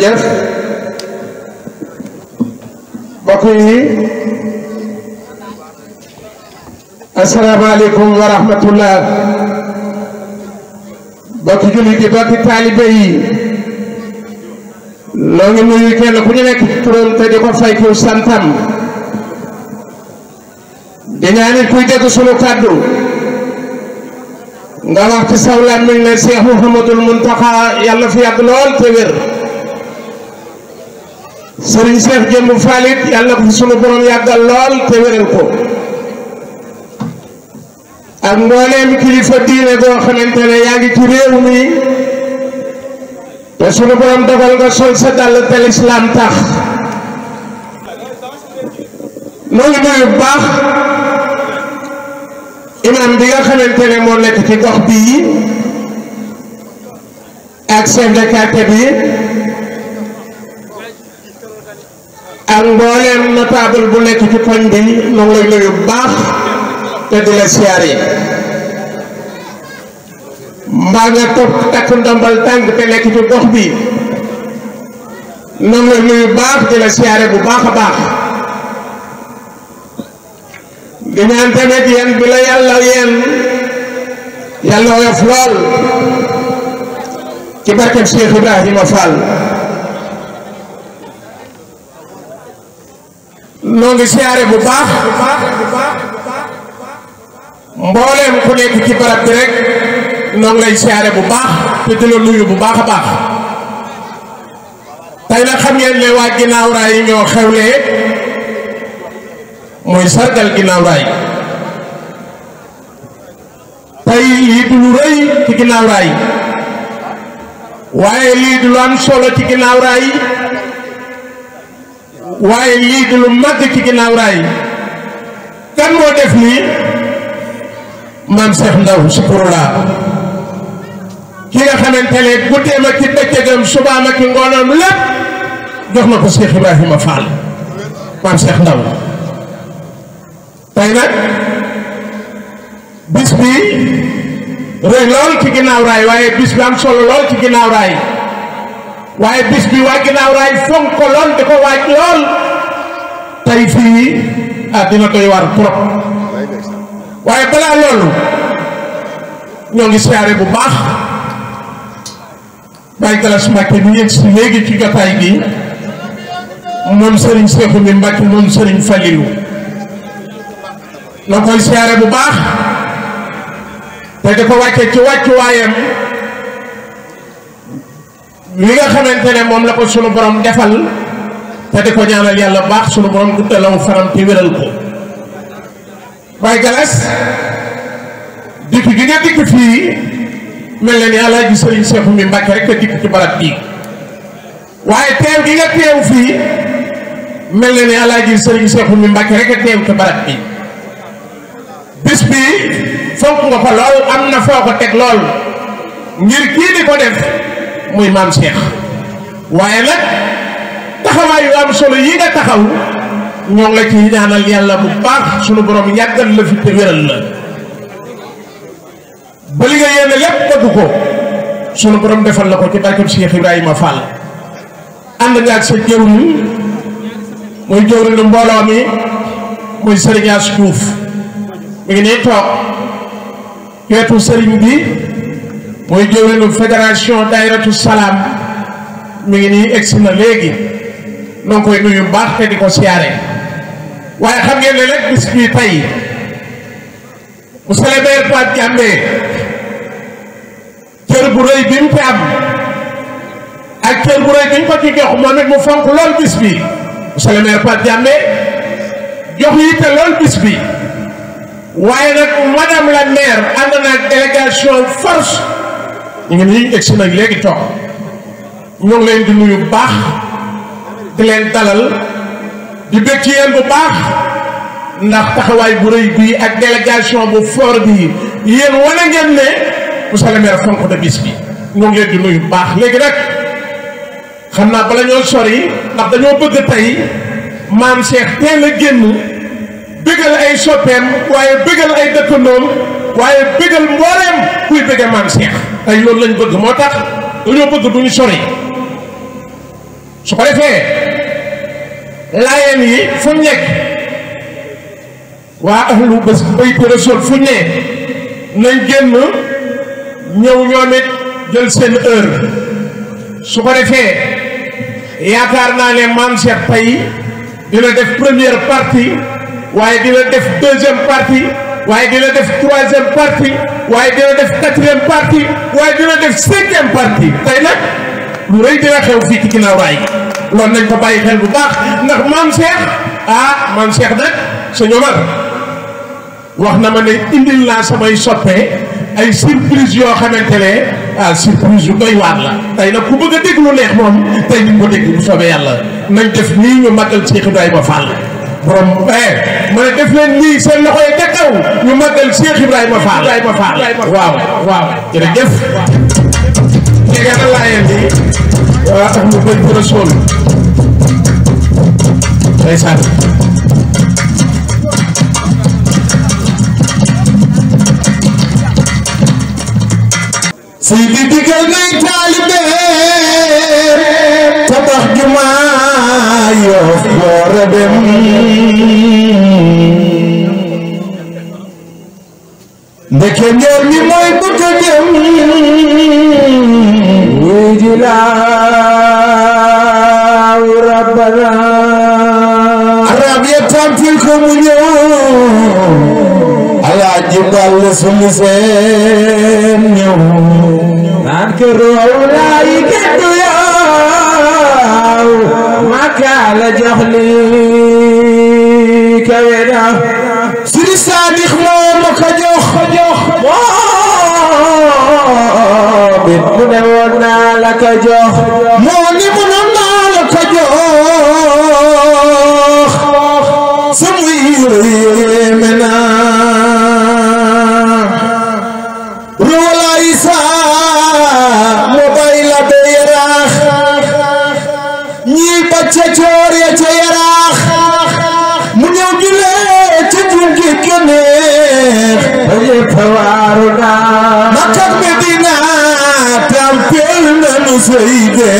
jërëjëf mbokk yi asalaamaaleykum wa rahmatullah mbokki jullit yi mbokki taalibe yi loo ngi ku ñu nekk turam te di ko ku santam di ñaanit kuy dégg sunu kàddu nga wax ci saw làmmiñ ne Cheikh Mouhamadoul Mountakha yàlla fi yàgg lool te sëriñ Cheikh Jëmb Falit yàlla na ko sunu te wéral ko ak mbooleem kilifa diine goo xamante ne yaa ngi ci réew mi te sunu borom dogal sa dàll te lislaam tax noonu nuyu bu baax imam bi nga xamante ne moo nekk gox bi ak chef de quartier bi beneen notable bu nekk ci koñ bi moom lay bu baax te di la siyaar yi mbaa nga topp takk ndombal tànk te nekk ci gox bi moom lay nuyu baax di la siyaare bu baax a baax di ñaan tamit yéen bi la yàlla yéen yàlla woyof lool ci barkeb Cheikh Ibrahima Fall ngi siyaare bu baax mbooleem ku nekk ci barab bi rek noo lay siyaare bu baax te di la nuyu bu baax a baax tey nag xam ngeen ne waa ginnaaw raay yi ñoo xewle mooy sargal ginnaaw raay tey lii du lu rëy ci ginnaaw raay waaye lii du lu solo ci ginnaaw raay waaye lii du lu màgg ci ginnaaw raay kan moo def nii maam Cheikh Ndaw Zikrullah ki nga xamante ne guddeem ak ci bëccëgam subaam ak ci ngoonoom lépp jox na ko Cheikh Ibrahima Fall maam Cheikh Ndaw tey nag bis bi rëy lool ci ginnaaw raay waaye bis bi am solo lool ci ginnaaw raay waaye bis bi waa ginnaaw raay fonk ko lool di ko waaj lool tey fii ah dina doy waar trop waaye balaa loolu ñoo ngi siyaare bu baax Baye Galas Mbacke bi ngeen si léegi ci jotaay gi moom sëriñ Seexu mi Mbacke moom Serigne Falilou noo koy siyaare bu baax te di ko wàccee ci wàccuwaayam li nga xamante ne moom la ko sunu borom defal te di ko ñaanal yàlla baax sunu borom guddalaw faram te ko Baye Galas dikk gi nga dikk fii mel na ni Alaaji Sëriñ Seexu mi Mbàkke rek a dikk ci barab bii waaye gi nga teew fii mel na ni Alaaji Sëriñ Seexu mi Mbàkke rek a teew ci bii bis bi fonk nga ko lool am na foo ko teg lool ngir kii di ko def muy maam Cheikh waaye nag taxawaay yu am solo yi nga taxaw ñoo ngi la ci ñaanal yàlla bu baax sunu borom yàggal la fi te wéral la ba li nga yéene lépp bëgg ko sunu borom defal la ko ci barkeb Cheikh Ibrahima Fall ànd nga ak sa jëwriñ muy jëwriñu mbooloo mi muy Serigne As Diouf mi toog wetu sëriñ bi mooy jëwriñu fédération dayratu salaam mu ngi nii egsi na léegi noo ngi koy nuyu baax te di ko siyaare waaye xam ngeen ne rek bis bii tey bu célébrer Pape Diambé cër bu rëy bi mu fi am ak cër bu rëy bi ñu ko ci jox moom it mu fonk lool bis bi monsieur le maire Pape Diambé jox yitte lool bis bi waaye nag madame la maire ànd na ak délégation ñu ngi nii egsi nag léegi toog ñoo ngi leen di nuyu baax di leen dalal di bëgg ci yéen bu baax ndax taxawaay bu rëy bii ak délégation bu fort bii yéen wane ngeen ne monsieur le maire fonk na bis bi ñoo ngi leen di nuyu baax léegi nag xam naa bala ñoo sori ndax dañoo bëgg tey maam Cheikh teel a génn bëggal ay soppeem waaye bëggal ay dëkkandoom waaye bëggal mbooleem kuy bëgge maam Cheikh ay loolu lañ bëgg moo tax dañoo bëgg duñu sori su ko defee laayeen yi fu nekk waa ahlu bés bayti rasul fu ne nañ génn ñëw ñoom it jël seen heure su ko defee yaakaar naa ne Mame Cheikh dina def première partie waaye dina def deuxième partie waaye dina def troisième partie waaye dina def quatrième partie waaye dina def cinquième partie tey nag lu rëy dina xew fii ci ginnaaw raay gi nañ ko bàyyi xel bu baax ndax maam Cheikh ah maam Cheikh nag sëñ Omar wax na ma ne indil naa samay soppee ay surprise yoo xamante ne ah surprise yu doy waar la tey nag ku bëgg a déglu neex moom tey ñu ko dégg bu soobee yàlla nañ def nii ñu màggal Cheikh Ibrahima Fall. borom mu ne def leen lii seen loxo yi ca kaw ñu màggal Cheikh Ibrahima Fall Ibrahima Fall waaw waaw jërëjëf jege na laayeen bi waa tax mu bëgg rasul ndeysaan Sidi digal nay taalibe tabax jumaa Yoff boor a dem ndeke ngeer mi mooy bëgg a dem wuy ji laaw rabbana arab ya tàmpil ko mu ñëw alaaji bàll sunu seen ñëw أنكر أولئك الدياو ما كان جهلي كبيرا سيدي صادق مومك جوخ جوخ مومن من ونا لك جوخ موني من seyde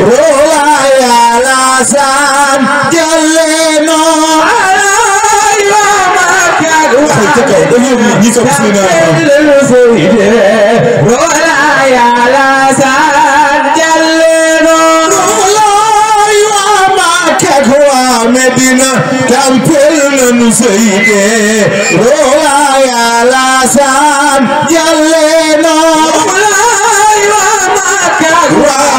rola ya lasan jalleno rola ya lasan jalleno rola ya makakwa medina tampel nanu seyde rola ya lasan jalleno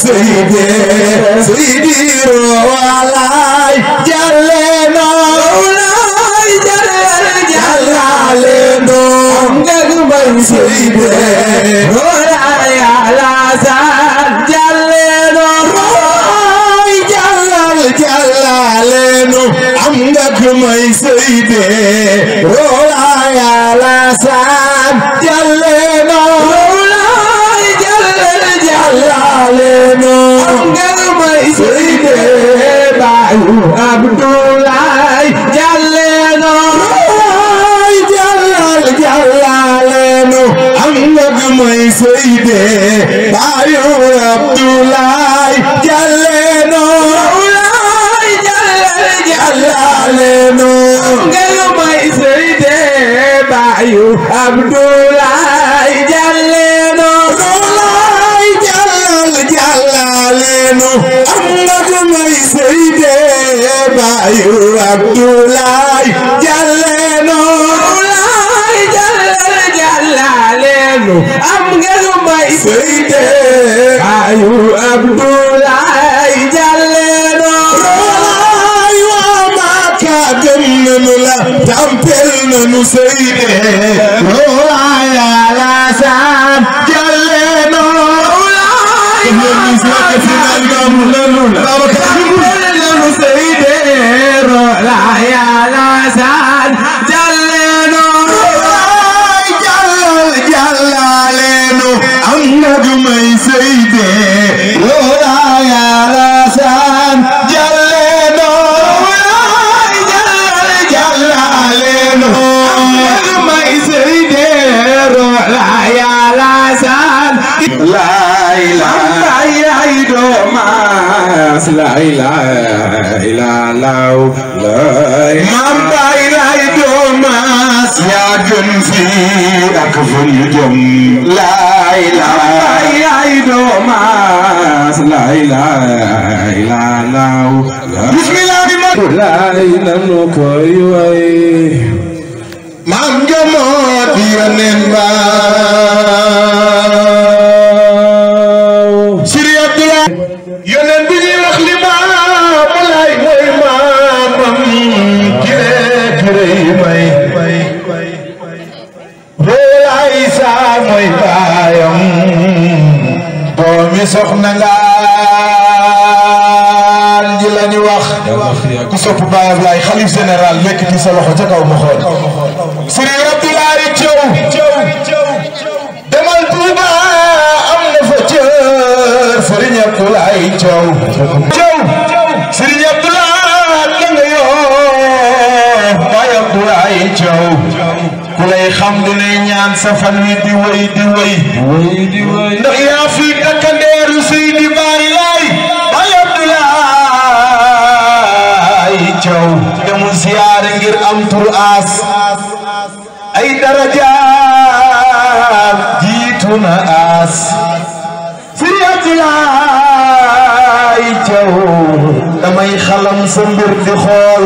seydi seydi roalaay jalleno laay jallal jallaleno ngag bay seydi roalaay am ngag may dee baayu Abdoulaay jàlle no Abdoulaay jàlle jàllale no ngelu may sey dee baayu Abdoulaay jàlle no Abdoulaay jàllal jàllale no am nga du may sey dee baayu Abdoulaay jàlle no Abdoulaay jàllal jàllale no Seyde ayu Abdoulaye Jalleeno ayu Maka gëm nanu la tampel nanu Seyde ayu Alassane Jalleeno ayu Maka gëm nanu la Ñas la ilaha illallah Maam Baay Laay Doomaas yaa gën fii ak fu ñu jëm la ilaha Baay Doomaas la ilaha illallah Bismillah laay nanu way Maam Jomo di yoneen ba soxna ngaan ñi la ñu wax ku sopp Baye Ablaye xalif général ci sa loxo ca kaw am na fa cër sëriñ Abdoulaye Thiaw Thiaw sëriñ Abdoulaye la nga yoo Baye Abdoulaye ku lay xam du ne ñaan sa fan wi di wéy di wéy di wéy ndax yaa fi këru Seydi Baari Laay Baay Abdoulaay Thiaw demu am tur aas ay darajaat jiitu na aas Seydi Abdoulaay Thiaw damay xalam sa mbir di xool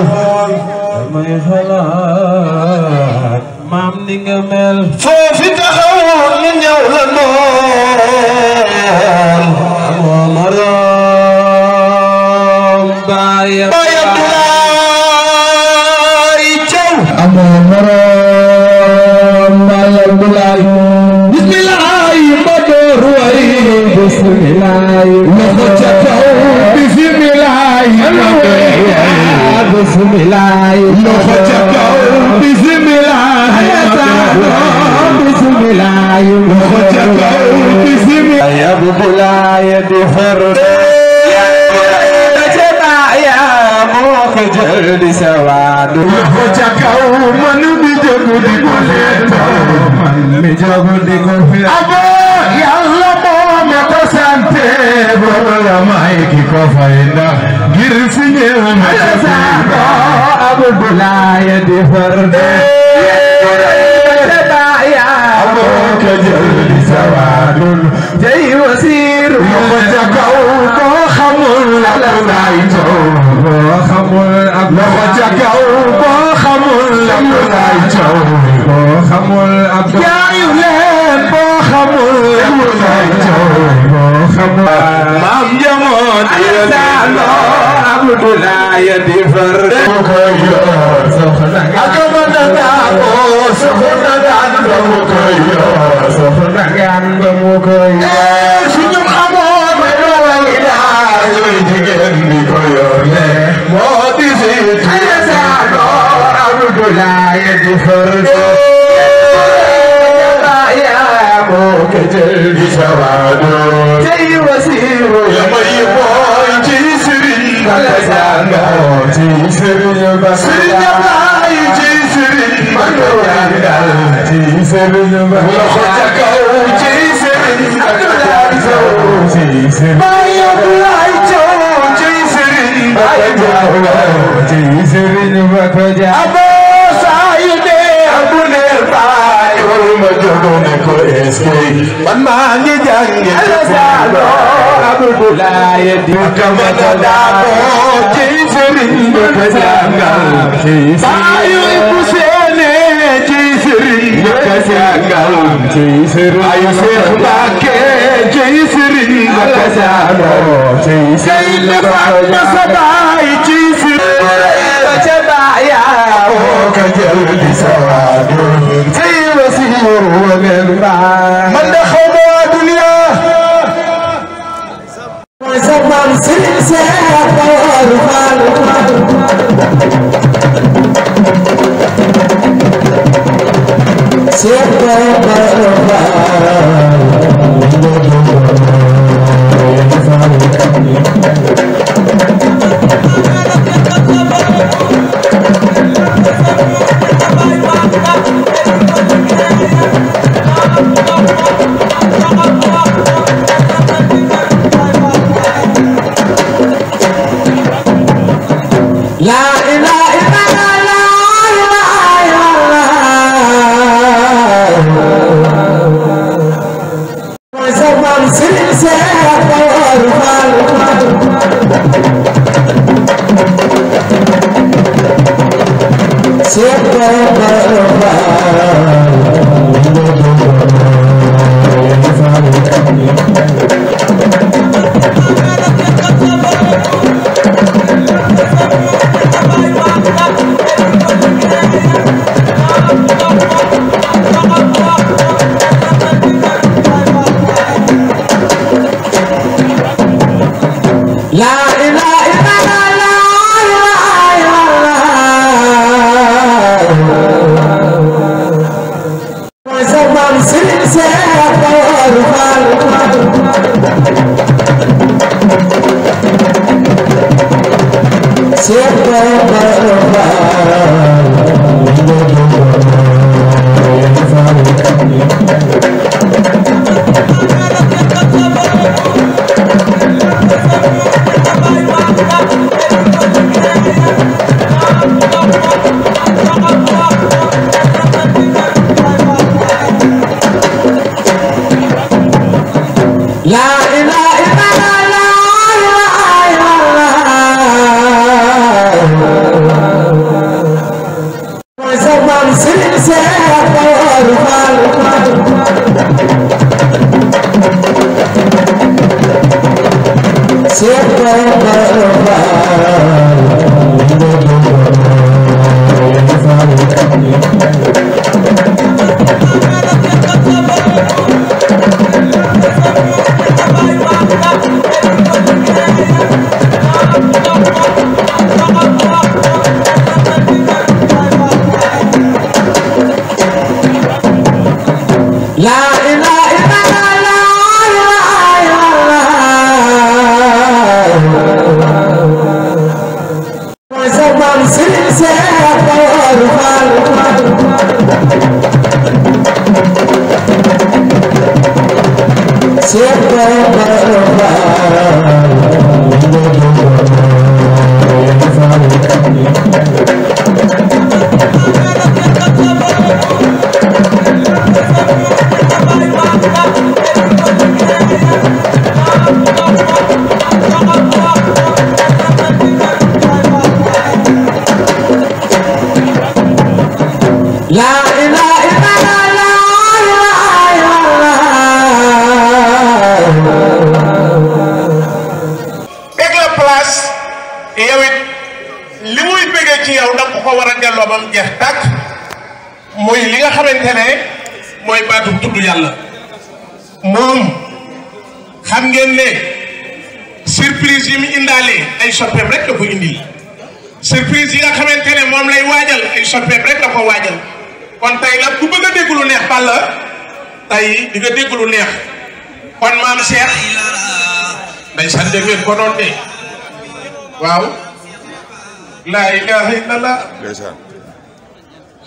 daaboo ci sëriñ ba ko jàngal baayu bu seene ci sëriñ ba ko jàngal ay seex Mbàkke ci sëriñ ba ko jàngal Super, super, super.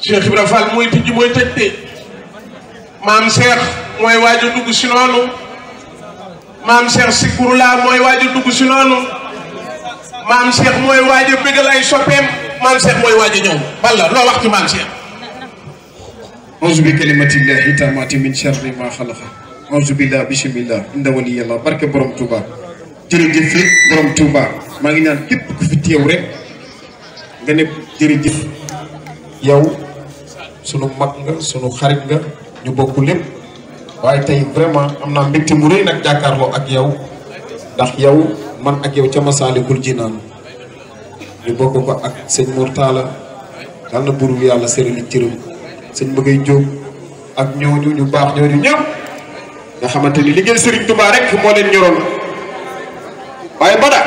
Cheikh Ibra Fall mooy tijji mooy tëj de maam Cheikh mooy waaj dugg si noonu maam Cheikh Sikkurulaa mooy waaj dugg si noonu maam Cheikh mooy waaj a ay soppeem maam Cheikh mooy waaj ñëw balla loo wax ci maam Cheikh. auzu bi kalimatillahi taammaati min sharri maa xalaqa auzu billah bismillah inda waliyallah barke borom Touba jërëjëf yi borom Touba maa ngi naan képp ku fi teew rek nga ne jërëjëf yow. sunu mag nga sunu xarit nga ñu bokk lépp waaye tey vraiment am naa mbégte mu rëy nag jàkkaarloo ak yow ndax yow man ak yow ca Masaalikul Jinaan ñu bokk ko ak sëñ Mourtala yàlla na buur bi yàlla sërali cëram sëñ Mbëggay Jóob ak ñooñu ñu baax ñooñu ñëpp nga xamante ni liggéey Sëriñ Tuubaa rek moo leen ñoroon waaye bada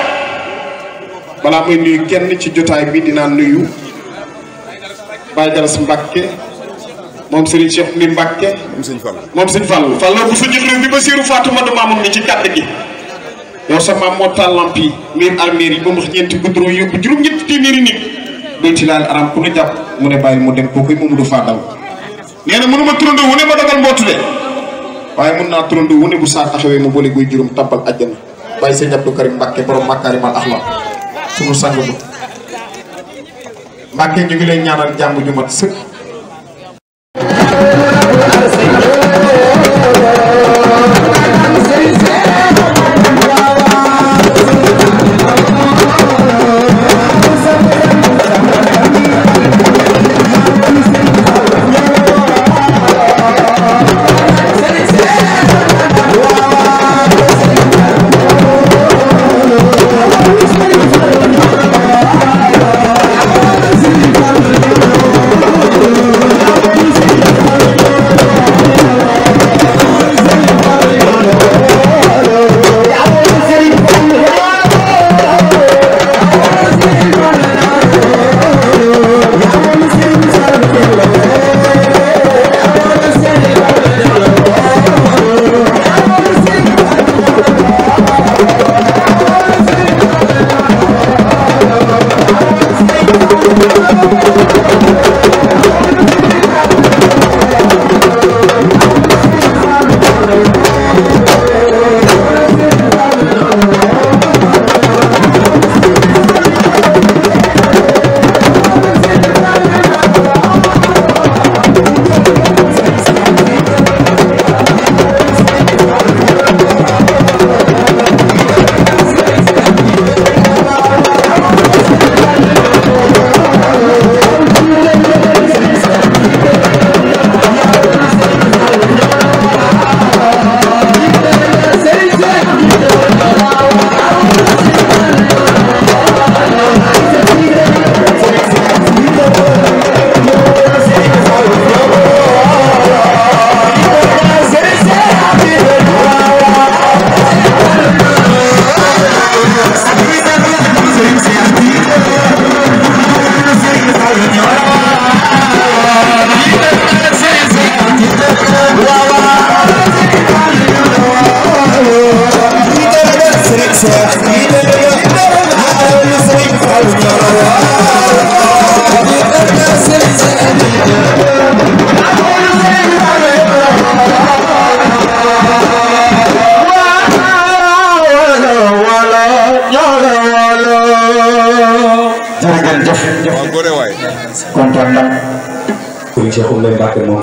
balaa muy nuyu kenn ci jotaay bii dinaa nuyu Baye Jalas Mbacke moom si Cheikh mi Mbacke. moom Serigne Fall moom Serigne Fall Fall bu sa jënd bi ba siiru Fatoumata Mamoun mi ci kàddu gi. yow sa maam moo taal lamp yi miir almeer yi ba mu wax ñeenti goudron yóbbu juróom-ñetti téeméeri nit doy ci laal ku ne jàpp mu ne bàyyi mu dem kooku moomu du faa daw. nee na mënuma wu ne ma dagal mbootu waaye mën naa turando wu ne bu saa taxawee ma boole guy juróom tàbbal àjjana bàyyi sëñ Abdou Karim Mbacke borom Mbàkke ñu ngi lay ñaanal jàmm ju mat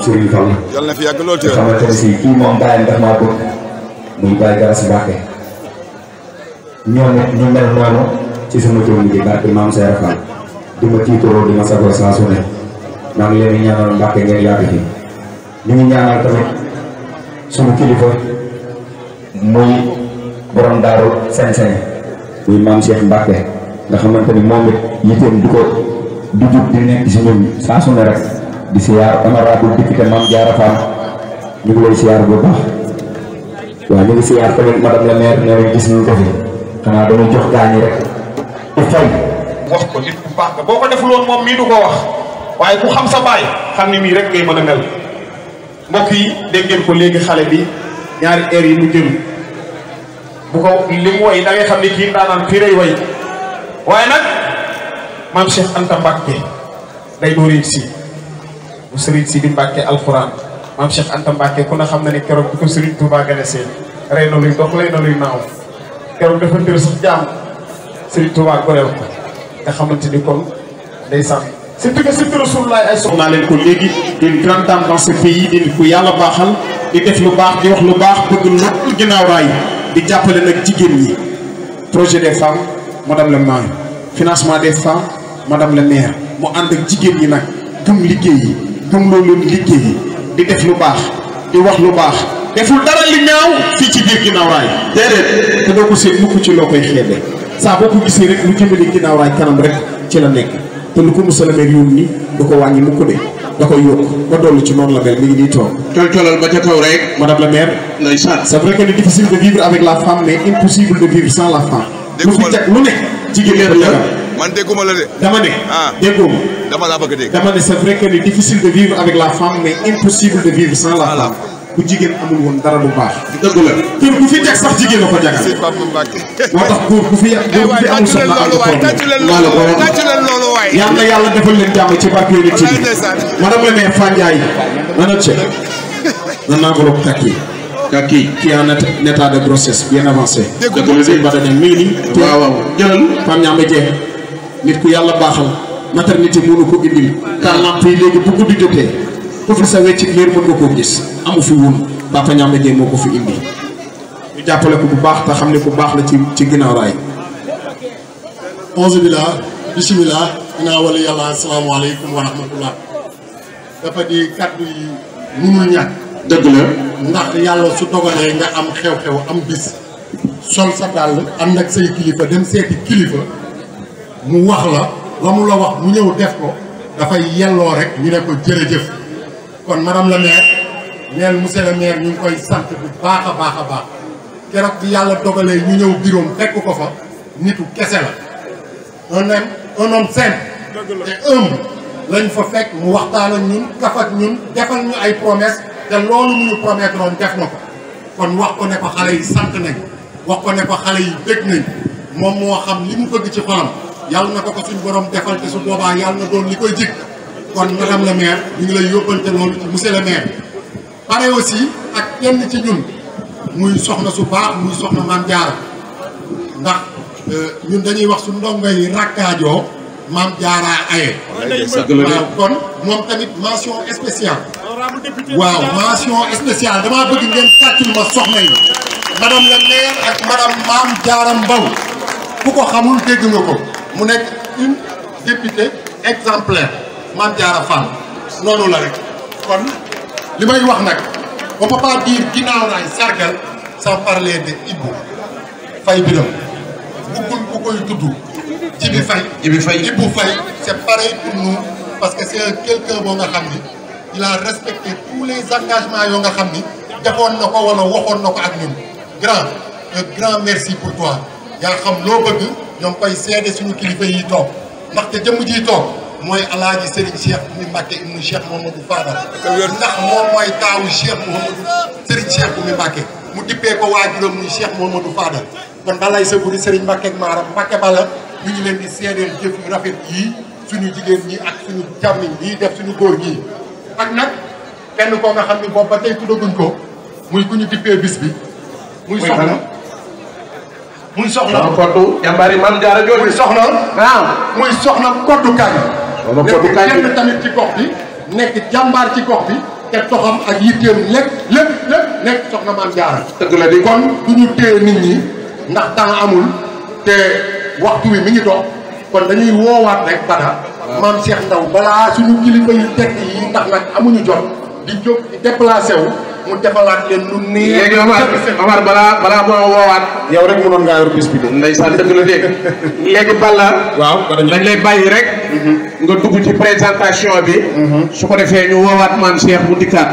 Serigne Fall. yàlla na fi yàgg ci yow. xamante ne si kii moom su ne maa ngi leen di ñaanal Mbàkke ngeen yàgg fi ñu ngi ñaanal muy borom daaru sañ-sañ muy maam Cheikh Mbàkke nga xamante ni moom it yitteem du ko du jub di nekk si ñun saa su rek. di siyaar honorable député Mame Diarra Fam ñu lay siyaar bu baax waaw ñu siyaar tamit madame wax ko nit ku baax nga boo ko deful moom mii du ko wax waaye ku xam sa baay xam ni mii rek ngay mën a mel mbokk yi dégg ngeen ko léegi xale bi ñaari yi bu ko li mu way fii lay way waaye nag maam Cheikh Anta Mbacke day dóor si bu Serigne Sidi Mbacke alxuraan maam Cheikh Anta Mbacke ku ne xam na ne keroog bu ko Serigne Touba ganesee rey na luy dox lay na luy naaw keroog dafa tër sax jaam Serigne Touba goreel ko nga xamante ni kon day sàmm. surtout que surtout Rasulullah ay soxnaa leen ko léegi une grande dame dans ce pays di ku yàlla baaxal di def lu baax di wax lu baax bëgg lu ginnaaw di jàppale nag jigéen ñi projet des femmes madame le maire financement des femmes madame le maire mu ànd ak jigéen nag yi. gëmloo leen liggéey di def lu baax di wax lu baax deful dara li ñaaw fii ci biir ginnaaw raay déedéet te doo ko seen mukk ci loo koy xeebe saa boo ko gisee rek lu jëmale ginnaaw raay kanam rek ci la nekk te lu ko musalameer yoon ni du ko wàññi mukk de da koy yokk ba dollu ci noonu la mel mi ngi nii toog col colal ba ca kaw rek madame la maire ndeysaan c'est vrai que c'est difficile de vivre avec la femme mais impossible de vivre sans la femme lu fi jag lu nekk ci génneeru yaram. man dégguma la de. dama ne. ah dégguma. dama laa bëgg a dégg. dama ne que c'est difficile de vivre avec la femme mais impossible de vivre sans la femme. bu jigéen amul woon dara bu baax. dëgg la kër bu fi teg sax jigéen la ko jagal. moo tax góor bu fi yàq góor bu fi amul sax na ànd koom la. yàlla yàlla defal leen jàmm ci barke nit ci bi. madame le maire Fandiaye. nana ce. na nangoloog takk yi. kii qui est en état de grossesse bien avancé. dégg nga sëñ Bada ne mii nii. waaw waaw jëlal Fane Niamé Dieng nit ku yàlla baaxal maternité mënu ko indil. car lamp yi léegi bu guddi jotee ku fi sa weccit leer mën nga koo gis amu fi woon Papa moo ko fi indi. ñu jàppale ko bu baax te xam ne ku baax la ci ci ginnaaw raay. onze billah bisimilah dinaa wala yàlla asalaamaaleykum wa rahmatullah dafa di kàddu yi mënul ñàkk. dëgg la ndax yàlla su dogalee nga am xew-xew am bis sol sa dàll ànd ak say kilifa dem seeti kilifa mu wax la la mu la wax mu ñëw def ko dafay yelloo rek ñu ne ko jërëjëf kon madame la maire neel monsieur le maire ñu ngi koy sant bu baax a baax a baax keroog bi yàlla dogalee ñu ñëw biroom fekk ko fa nitu kese la un homme un homme te humble lañ fa fekk mu waxtaan ak ñun kaf ñun defal ñu ay promesse te loolu mu ñu def na ko kon wax ko ne ko xale yi sant nañ wax ko ne ko xale yi dégg nañ moom moo xam li mu bëgg ci xolam yàlla na ko ko suñ borom defal te su boobaa yàlla na doon li koy jig kon madame la maire ñu ngi lay yóbbante loolu ci monsieur le maire pare aussi ak kenn ci ñun muy soxna su baax muy soxna maam jaara ndax euh, ñun dañuy wax su ndongo yi rakkaajoo maam jaara aye waaw kon moom tamit mention spéciale waaw mention spéciale damaa bëgg ngeen tàccul ma soxna yi la maire ak madame Maam Diarra Mbow ku ko xamul dégg nga ko mu nekk une députée exemplaire Maam Diarra Fall noonu la rek kon li may wax nag on peut pas dire ginnaaw naay sargal parler de Ibou Faye Biram buggul ku koy tudd Jibi Faye Jibi Faye Ibou Faye c'est pareil pour nous parce que c'est quelqu'un boo nga xam ni il a respecté tous les engagements yoo nga xam ni defoon na ko wala waxoon na ko ak ñun grand un grand merci pour toi yaa xam loo bëgg ñoo ngi koy seede suñu kilifa yi toog ndaxte jëmm ji toog mooy alaaji Serigne Cheikh bu muy Mbàkke ibnu Cheikh Mouhamadou Fadal ndax moom mooy taawu Cheikh Mouhamadou Serigne mu dippee ko waajuram muy Cheikh Mouhamadou Fadal kon balay sa buri Serigne Mbàkke ak Maaram Mbàkke bala ñu ngi leen di seedeel jëf yu rafet yii suñu jigéen ñi ak suñu càmmiñ ñii def suñu góor ñii ak nag kenn koo nga xam ni boobu ba tey tuddaguñ ko muy ku ñu dippee bis bi. muy soxna muy soxna. waaw kottu jàmbaari soxna. waaw soxna kottu kañ. waaw kottu kañ nekk tamit ci gox bi. nekk jàmbaar ci gox bi. te toxam ak yitteem lépp lépp lépp nekk soxna maam jaara. dëgg la di kon du ñu téye nit ñi ndax temps amul te waxtu wi mi ngi dox kon dañuy woowaat rek bada maam Cheikh Ndaw balaa suñu kilifa yu tekk yi ndax nag amuñu jot di jóg di déplacé wu mu defalaat leen lu nii. léegi balaa balaa moo woowaat. yow rek mënoon ngaa yor bis bi de. ndeysaan dëgg la dégg léegi Balla. waaw dañ lay bàyyi rek. Mhm. nga dugg ci présentation bi. Mhm. su ko defee ñu woowaat maam Cheikh mu dikkaat.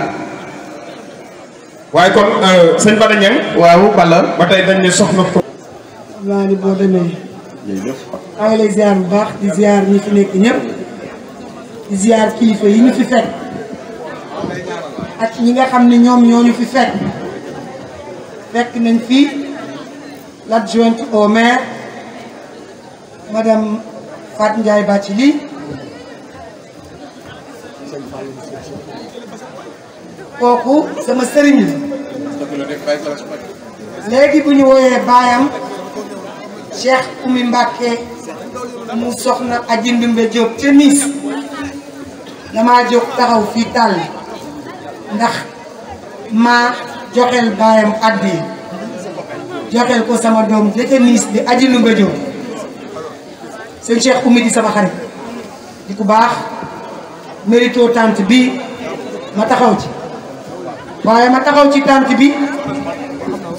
waaye kon euh, sëñ Bada waaw Balla. ba tey dañ ne soxna. maa maa ngi lay bu baax di ziar ñi fi nekk ñëpp di ziar kilifa yi ñu fi fekk ak ñi nga xam ne ñoom ñoo ñu fi fekk fekk nañ fi l'adjointe au maire madame Fatou Ndiaye Bathily kooku sama sëriñ la léegi bu ñu wooyee baayam Cheikh Oumy Mbacké mu soxna Adji Ndoumbé Diop ca Nice dama jóg taxaw fii tàll ndax maa joxel baayam addi joxel ko sama doom jëkk Nice di Adji Ndoumbé Diop seen Cheikh Oumy di sama xarit di ku baax mérito tànt bi ma taxaw ci waaye ma taxaw ci tànt bi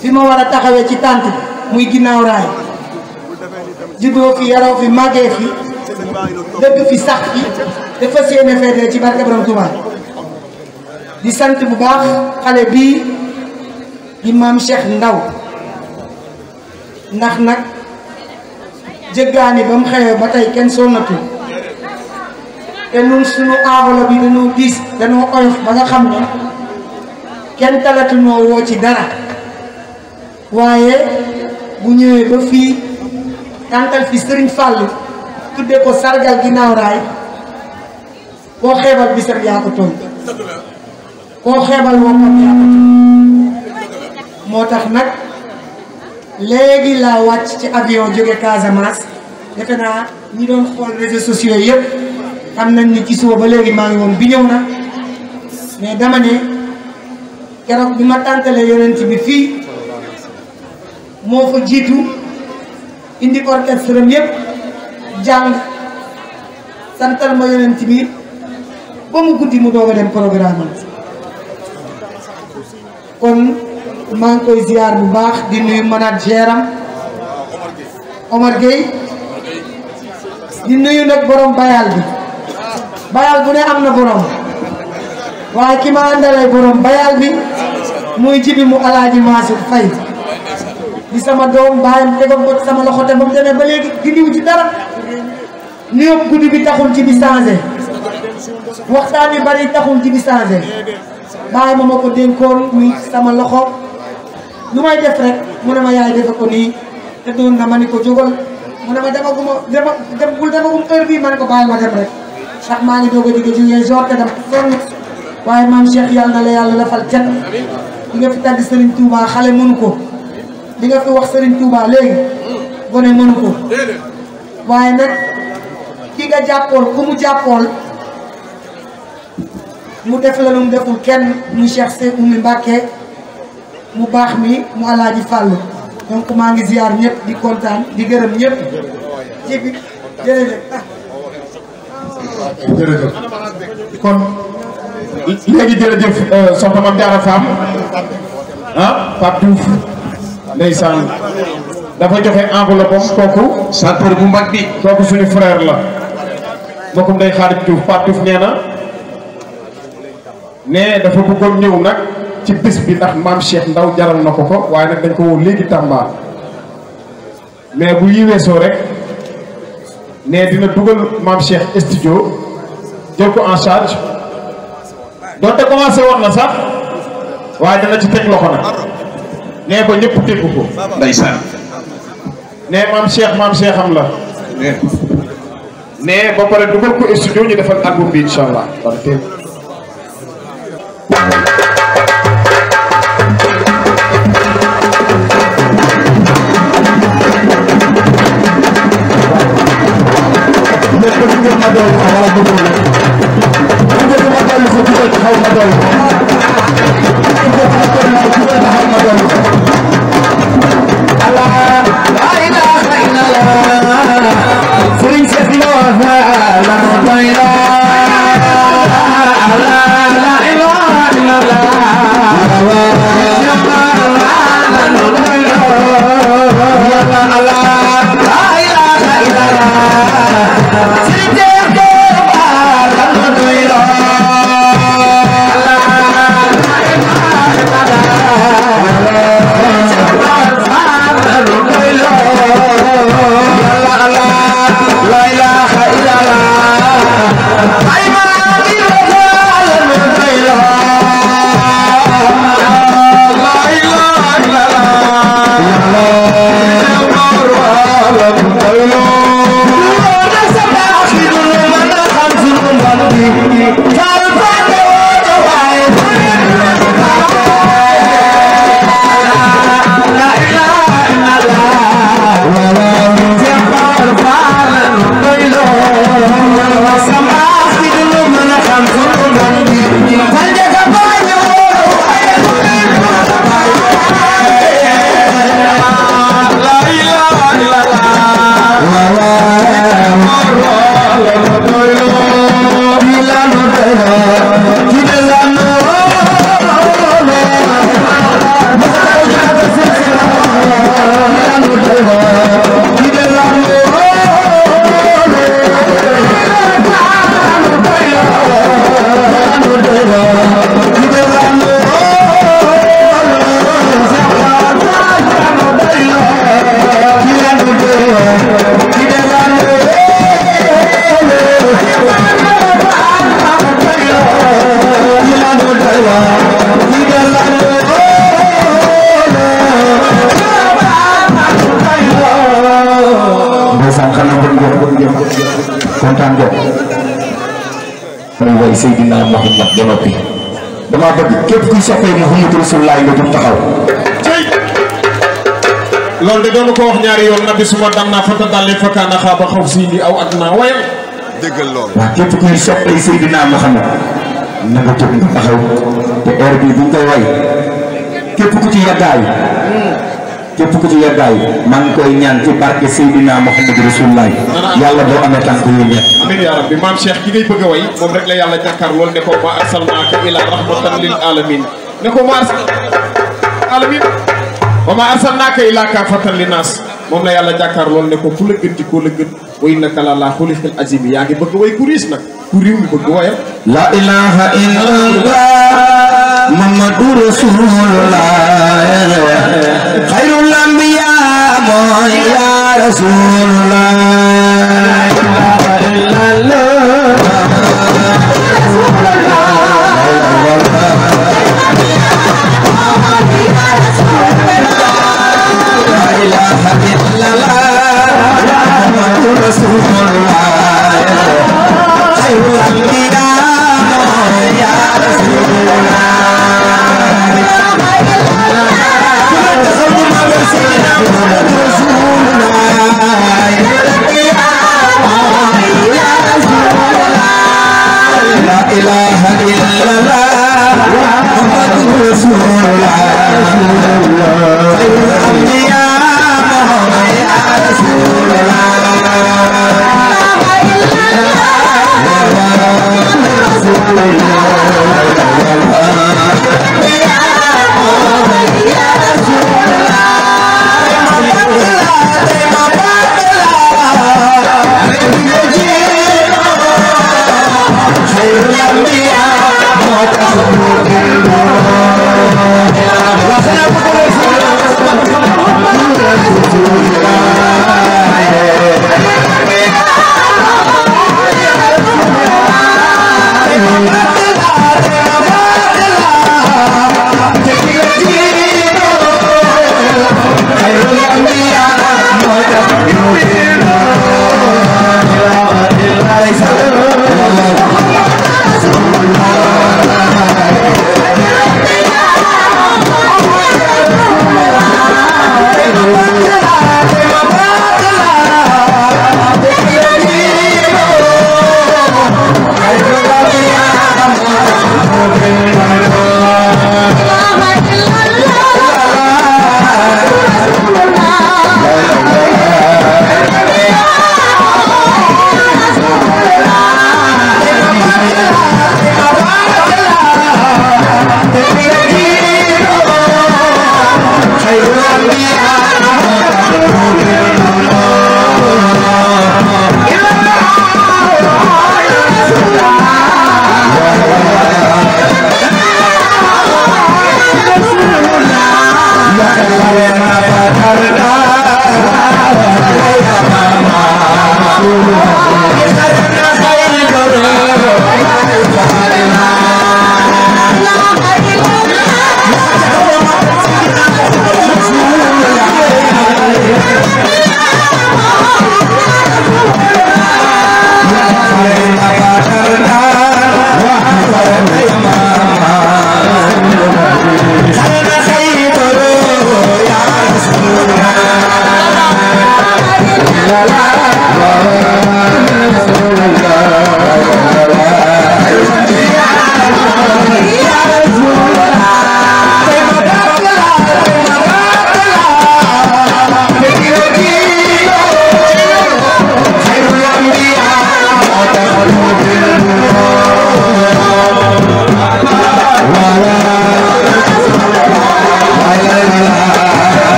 fi ma war a taxawee ci tante bi muy ginnaaw raay juddoo fi yaroo fi màggee fi dëgg fi sax fi dafa séene fedee ci barke borom Tuuba di sant bu baax xale bii di maam Cheikh Ndaw ndax nag jëggaani ba mu xewee ba tey kenn sonnatu te nun suñu enveloppe bi dañoo diis dañoo oyof ba nga xam ne kenn talatu woo ci dara waaye bu ñëwee ba fii ñaantal fi Serigne Fallou tuddee ko sargal ginnaaw raay koo xeebal bisam yaa ko tooñ koo xeebal woppam moo tax nag léegi laa wàcc ci avion jóge Casamance defe naa ñi doon xool réseaux sociaux yëpp xam nañ ni ci suba ba léegi maa ngi bi ñëw na mais dama ne keroog bi ma tàntalee yonent bi fii moo fa jiitu indi orchestre am yëpp jàng santal ma yonent bi ba mu guddi mu doog dem programme am kon maa ngi koy ziar bu baax di nuyu manager am Omar Gueye di nuyu nag borom bayal bi bayal bu ne am na borom waaye ki ma àndalay borom bayal bi muy jibi mu alaaji Maasur Fay di sama doom bàyyam tegoon ko sama loxo te ba demee ba léegi gindiwu ci dara néew guddi bi taxul ci bi changé waxtaan yu bari taxul ci bi changé bàyyi ma ma ko dénkoon muy sama loxo lu may def rek mu ne ma yaay defe ko nii te doon na ma ni ko jógal mu ne ma demaguma dema dem bul demagum heure bii ma ne ko bàyyi ma dem rek ndax maa ngi doog a jóge ci ñooy joor te dama sonn waaye maam na la yàlla lafal cat di nga fi tàgg Serigne Touba xale mënu ko li nga fi wax Serigne Touba léegi gone mënu ko waaye nag ki nga jàppool ku mu jàppool mu def la lu deful kenn mu Cheikh Sey Oumy Mbacké mu baax mi mu Alaaji Fàllu donc maa ngi ziar ñëpp di kontaan di gërëm ñëpp ci bi jërëjëf jërëjëf kon léegi jërëjëf euh, soxna Mame Diarra Fam ah ndeysaan dafa joxe enveloppe am kooku. santor bu mag bi. kooku suñu frère la. mbokkum day xaarit Diouf Pape nee na ne dafa bëggoon ñëw nag ci bés bi ndax maam Cheikh Ndaw jaral na ko ko waaye nag dañ ko woo léegi Tamba mais bu yi weesoo rek ne dina dugal maam Cheikh studio jël ko en charge doonte commencé woon na sax waaye dana ci teg loxo nag. nee ko ñëpp dégg ko. ndeysaan. nee maam Cheikh maam Cheikh am la. nee ba pare dugal ko studio ñu defal album bi incha allah. Thank you. jàpp ba noppi damaa bëgg képp loolu de doon ko wax ñaari yoon nabi suma dam naa fata dalle fakkaana xaaba xaw sii di aw ak naa wayal dëggal loolu waaw képp kuy soppee Seydina Muhammad nga jub te heure bii way képp ku ci yàggaay képp ku ci yeggaay maa ngi koy ñaan ci barke Seydina Mouhamadou Rasulullah yàlla doo amee tànk yu ñett amiin yaa rabbi maam Cheikh ki ngay bëgg a way moom rek la yàlla jàkkaar lool ne ko ma arsalnaaka ila rahmatan lil alamin ne ko ma alamin wa ma arsalnaaka ila kaafatan li naas moom la yàlla jàkkaar lool ne ko ku la gën ci koo la gën wa innaka la laa yaa ngi bëgg way ku riis nag ku riw mi bëgg wayal la ilaha illallah Muhammadu Rasulullah الله يا رسول الله لا إله إلا الله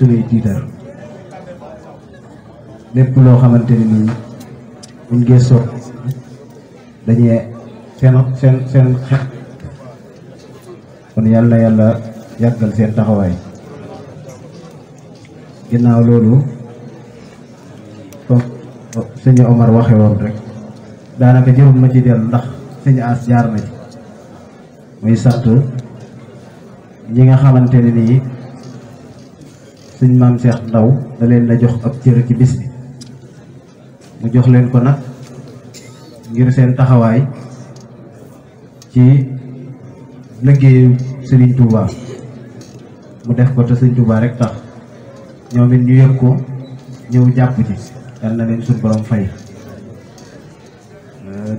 suñuy tiitar lépp loo xamante ni nii muñ gëstoo dañee seen seen seen xeet kon yàlla yàlla yàggal seen taxawaay ginnaaw loolu comme sëñ Omar waxe rek daanaka jërul ci dellu ndax sëñ As jaar na ci muy sant ñi nga xamante ne nii sëñ maam Cheikh Ndaw da leen la jox ab cër ci bis bi mu jox leen ko nag ngir seen taxawaay ci liggéeyu Serigne Touba mu def ko te Serigne Touba rek tax ñoom it ñu yëg ko ñëw jàpp ci yal na leen suñu borom fay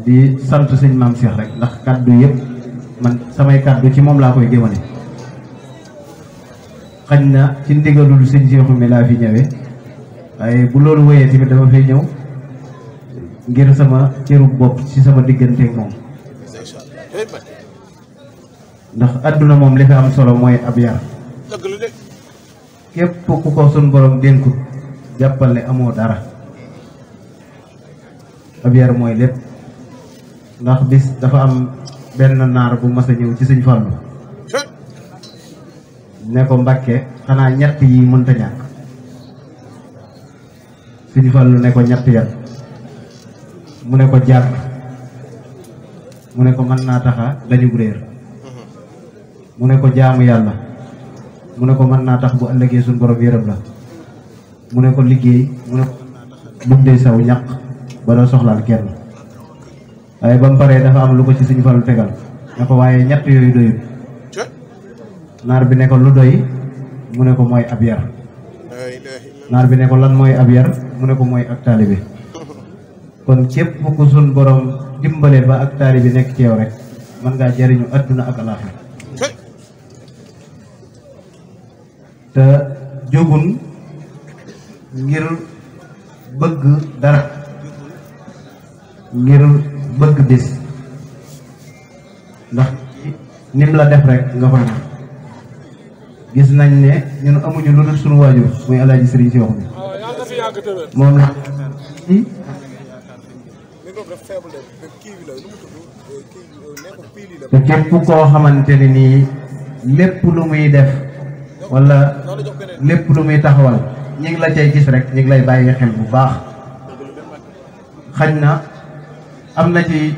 di sant sëñ maam Cheikh rek ndax kàddu yëpp man samay kàddu ci moom laa koy jëmale xañ na ci ndigalul sëñ Seexu mi laa fi ñëwee waaye bu loolu wéyee tamit dama fay ñëw ngir sama cëru bopp ci sama diggante moom ndax àdduna moom li fi am solo mooy ab yar képp ku ko sun borom dénku jàppal ne amoo dara ab mooy lépp ndax bis dafa am benn naar bu mas a ñëw ci sëñ Fallu ne ko Mbàkke xanaa ñett yi mënta ñàkk Sëñ Fallu ne ko ñett yan mu ne ko jàng mu ne ko mën naa taxa dañu réer mu ne ko jaamu yàlla mu ne ko mën naa tax bu ëllëgee suñ borom yërëm la mu ne ko liggéey mu ne ko dundee saw ñaq ba doo soxlaal kenn waaye ba mu paree dafa am lu ko ci Sëñ Fallu tegal ne ko waaye ñett yooyu doyut naar bi ne ko lu doy mu ne ko mooy ab yar naar bi ne ko lan mooy ab yar mu ne ko mooy ak taalibe kon képp ku sun borom dimbale ba ak taalibe nekk ci rek mën ngaa jariñu àdduna ak alaaxira te jógun ngir bëgg dara ngir bëgg bis ndax nim la def rek nga koy def gis nañ ne ñun amuñu lu dul suñu waajur muy alaaji sëriñ Seexu ah, moom la ci te képp koo xamante ne nii lépp lu muy def wala lépp lu muy taxawal ñi ngi la cay gis rek ñi lay bàyyi xel bu baax xañ na am na ci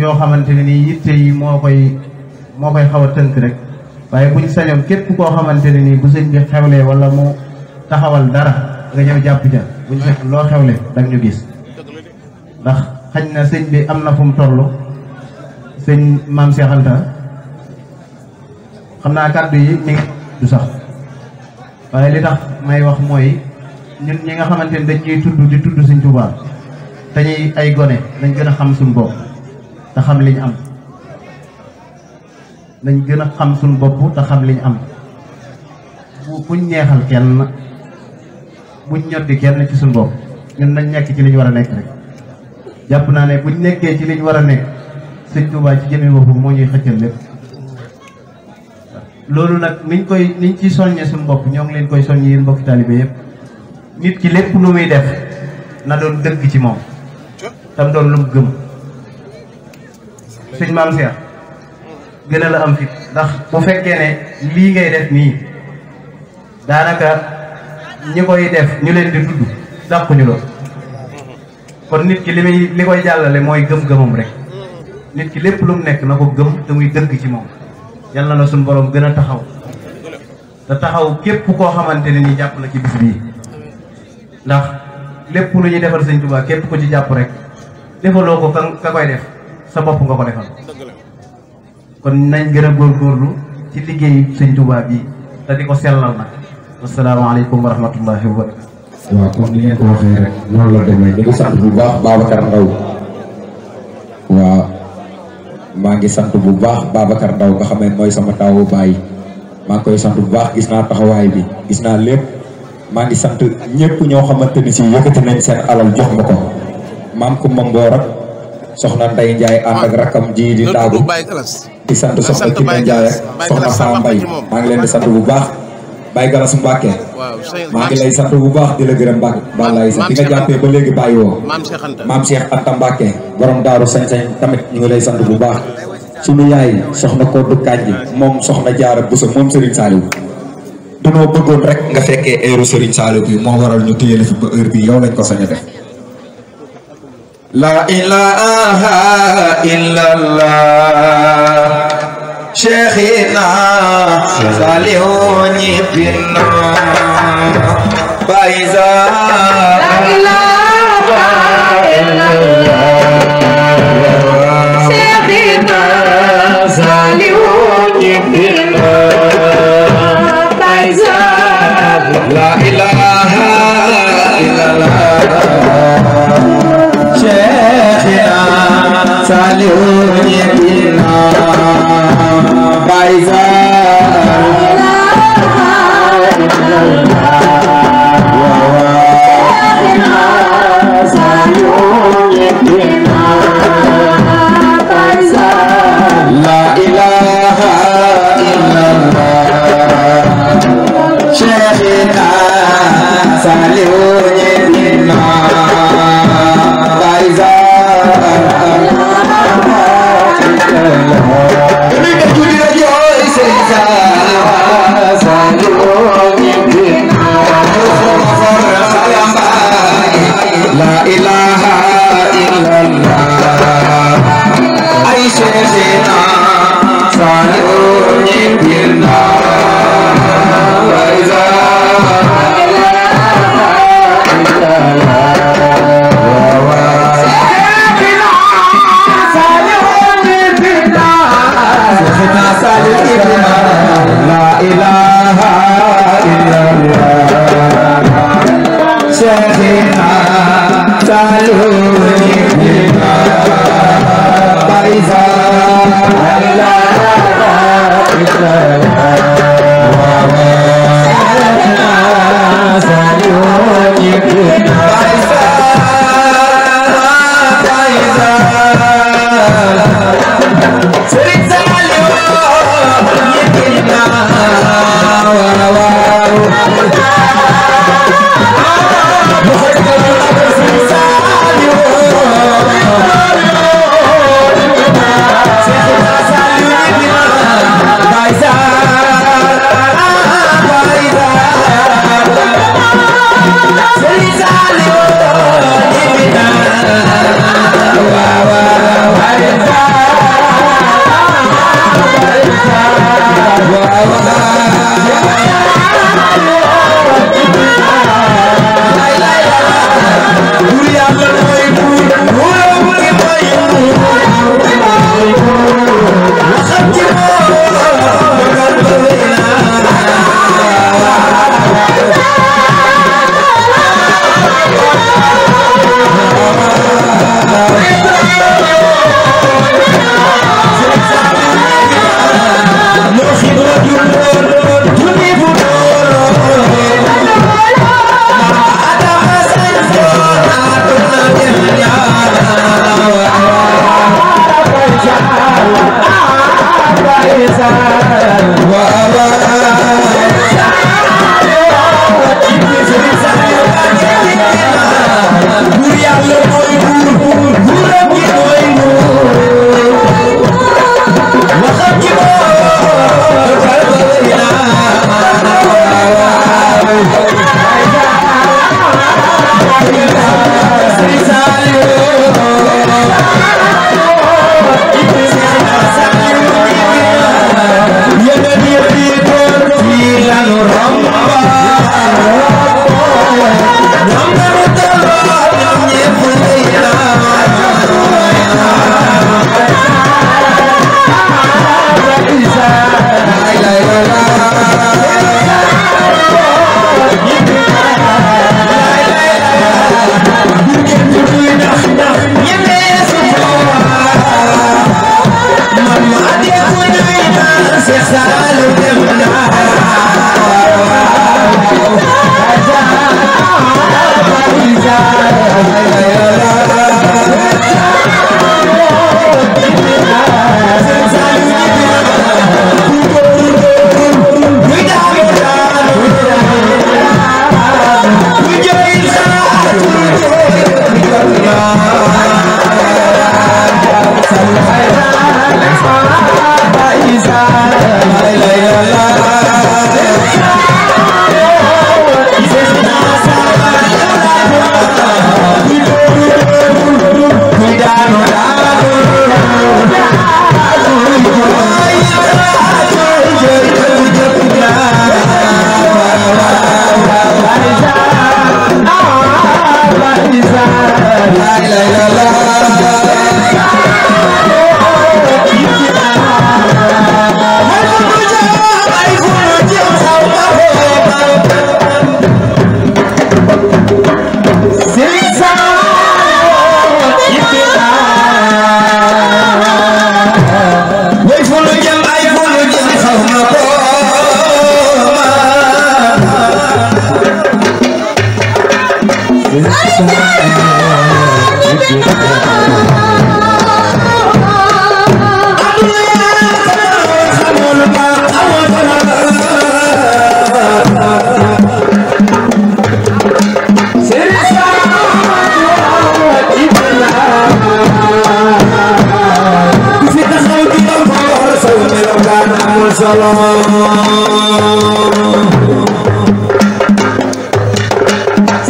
yoo xamante ne nii yitte yi moo koy moo koy xaw a tënk rek waaye buñ sañoon képp koo xamante ne nii bu sëñ bi xewlee walla mu taxawal dara nga ñëw jàpp ja buñ fekk loo xewlee danga ñu gis ndax xañ na sëñ bi am na fu mu toll sëñ maam Cheikh Anta xam naa kàddu yi mi du sax waaye li tax may wax mooy ñun ñi nga xamante ne dañuy tudd di tudd sëñ Tuubaa dañuy ay gone dañ gën a xam suñ bopp te xam liñ am nañ gën a xam suñ bopp te xam liñ am bu buñ neexal kenn buñ ñoddi kenn ci suñ bopp ñun nañ nekk ci liñ war a nekk rek jàpp naa ne buñ nekkee ci liñ war a nekk sëñ Tuubaa ci jëmmi boppam moo ñuy xëccal lépp loolu nag niñ koy niñ ci soññee suñ bopp ñoo ngi leen koy soññee yéen bokk taalibe yëpp nit ki lépp lu muy def na doon dëgg ci moom tam doon lu mu gëm sëñ maam Cheikh gën la am fit ndax bu fekkee ne lii ngay def nii daanaka ñi koy def ñu leen di tudd dàquñu lool kon nit ki li muy li koy jàllale mooy gëm-gëmam rek nit ki lépp lu nekk na ko gëm te muy dëgg ci moom yal na la suñu borom gën taxaw te taxaw képp koo xamante ne ni jàpp la ci bis bii ndax lépp lu ñuy defar sëñ Tuubaa képp ku ci jàpp rek defaloo ko ka koy def sa bopp nga ko defal kon nañ gën a góorgóorlu ci liggéey sëñ Tuubaa bi te di ko sellal na wasalaamaaleykum wa rahmatullahi wa barakatu waaw bu baax Babacar Ndaw maa ngi sant bu baax Babacar Ndaw nga xam mooy sama taawu baay maa ngi koy sant bu baax gis naa taxawaay bi gis naa lépp maa ngi sant ñëpp ñoo xamante ni si yëkkati nañ seen alal jox ma ko maam ko mangoor ak soxna Ndeye Ndiaye ànd ak rakam ji di ndaagu di sant soxna Kine Ndiaye soxna Faa Mbaye maa ngi leen di sant bu baax Baye Galas Mbacke maa ngi lay sant bu baax di la gërëm Mbacke baa lay sant di nga ba léegi bàyyi woo maam Cheikh Anta Mbacke borom daaru sañ-sañ tamit ñu ngi lay sant bu baax suñu yaay soxna Kodou Kanji moom soxna Jaara Bousso moom Serigne Saliou danoo bëggoon rek nga fekkee heure Serigne Saliou bi moo waral ñu téye la fi ba heure bi yow lañ ko sañ a def لا إله إلا الله شيخنا صالحوني بنا فإذا لا إله إلا الله شيخنا صالحوني بنا فإذا لا Salihu Yetina Baisa Faizan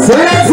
Six.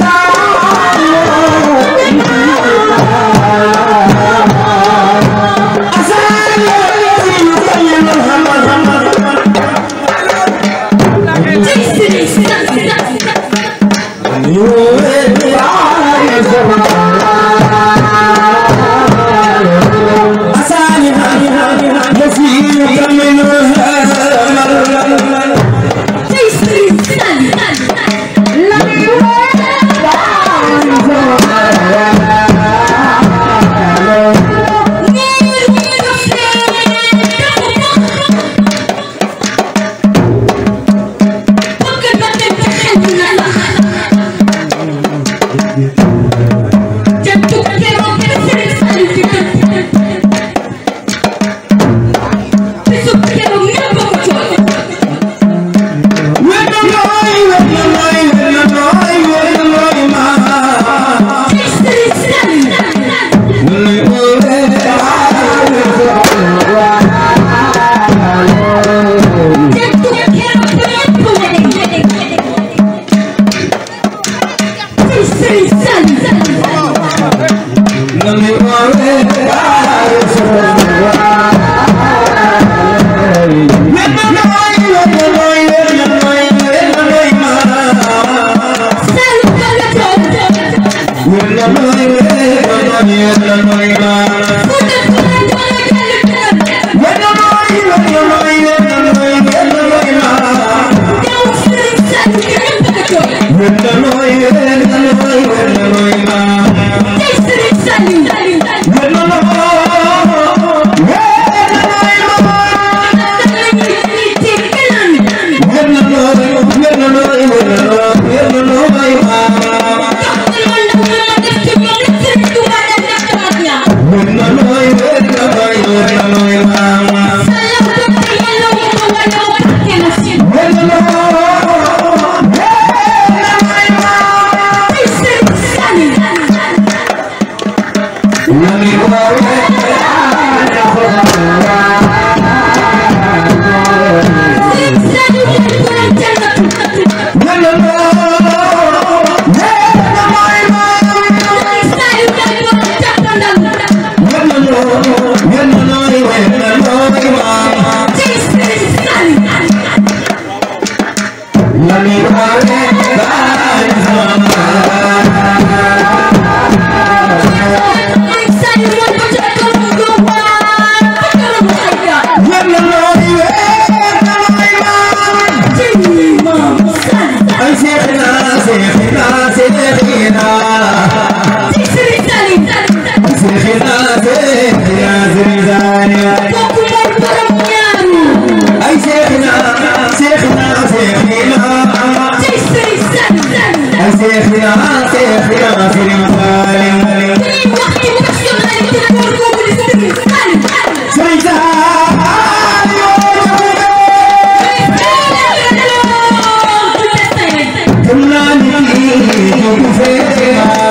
Thank you.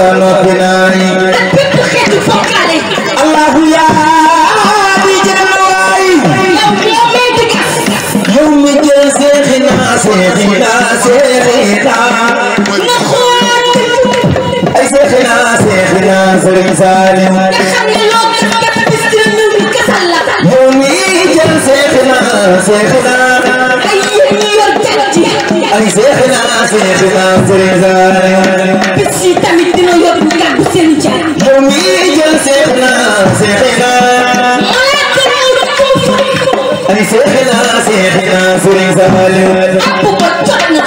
noppi naay bépp xeetu fokkaale allahu yaa di jël waay yow mi jël seexina seexina seexina ay seexina seexina sëriñ Saalim yow mi jël seexina seexina Seexna Seexna Sëriñ Saaliw. bis yi tamit dina yóbbu ñu gàddu seen jaay. moom mii jël Seexna Seexna. ay Seexna Seexna Sëriñ Saaliw. app ba jot na.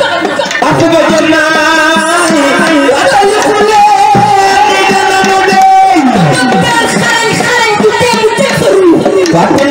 app ba jot na. What?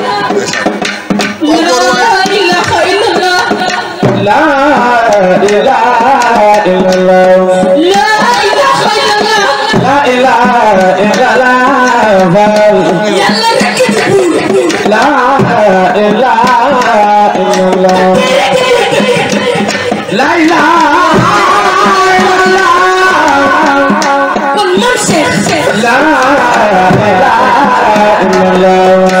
la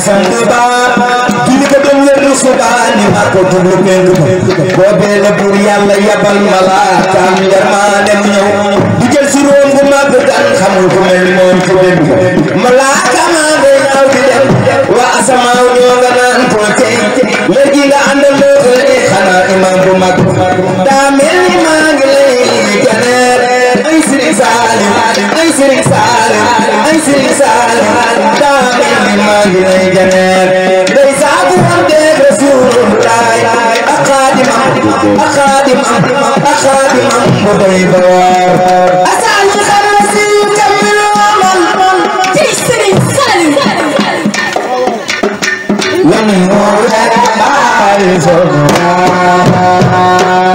sang ba kii ko a wér suba ni maa ko jublu penk ba la buur yàlla yabal malaakaam yërmaane mu ñëw di jël si room bu màgg gan xamul ko أخادم أخادم مضي بوار أسأل خمسي يكمل ومن تشتري سالي لم يولد بعد صغرى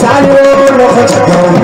Saliou loxo ca kaw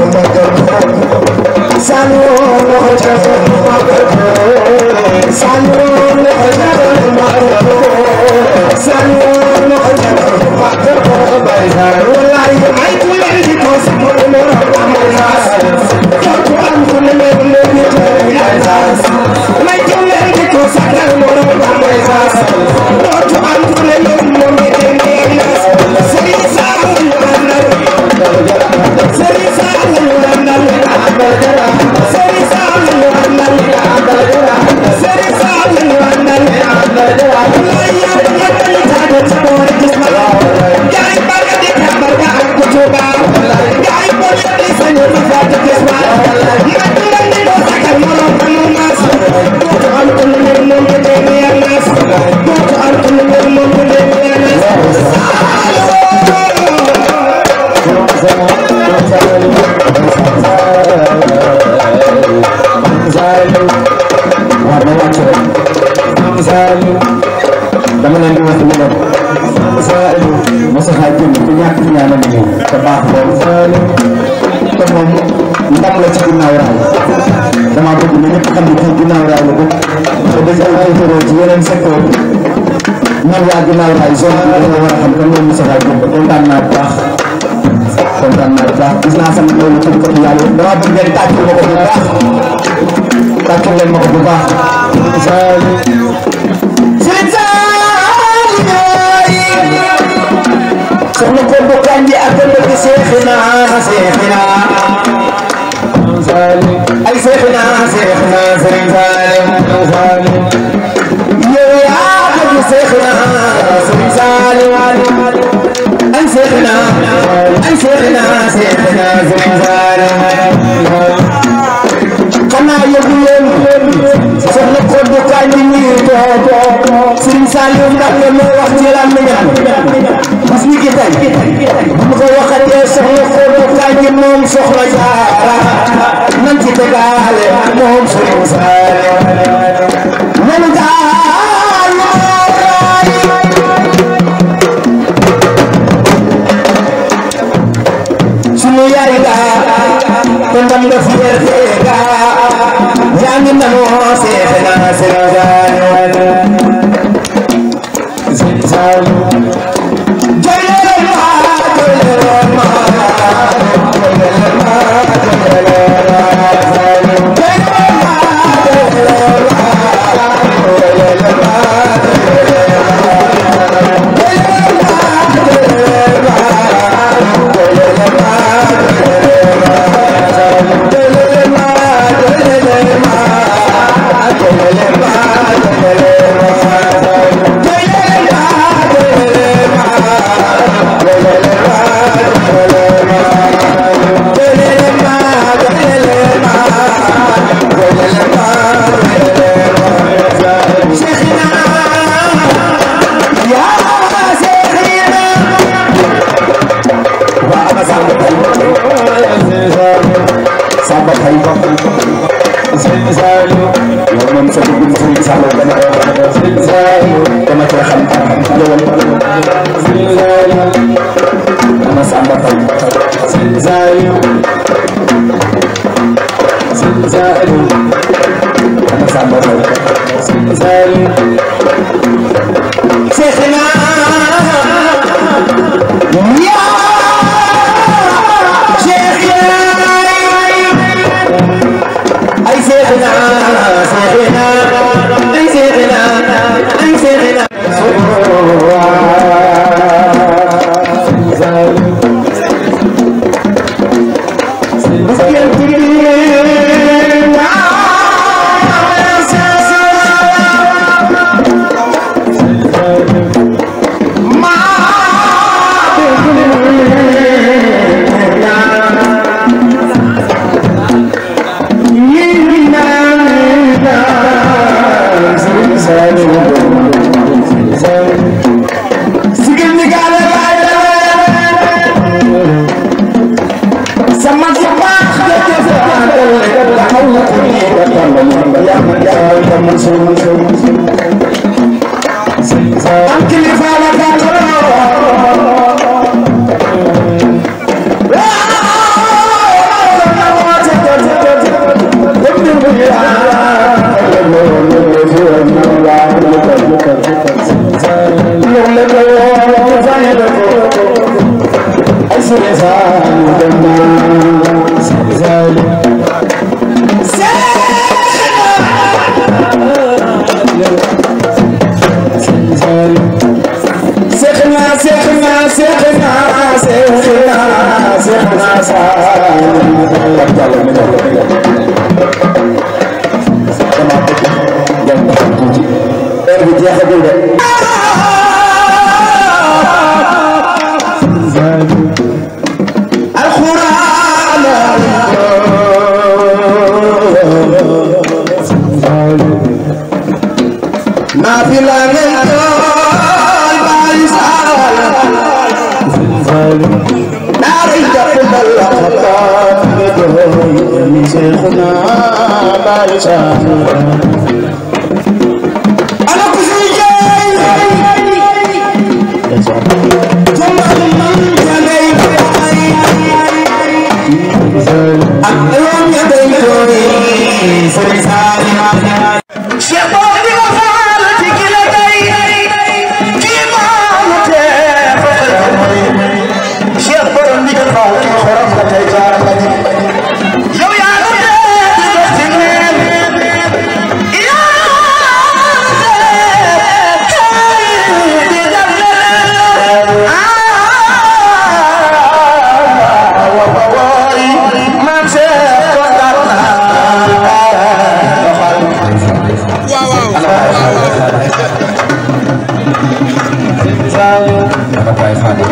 dafa tay Xaadim.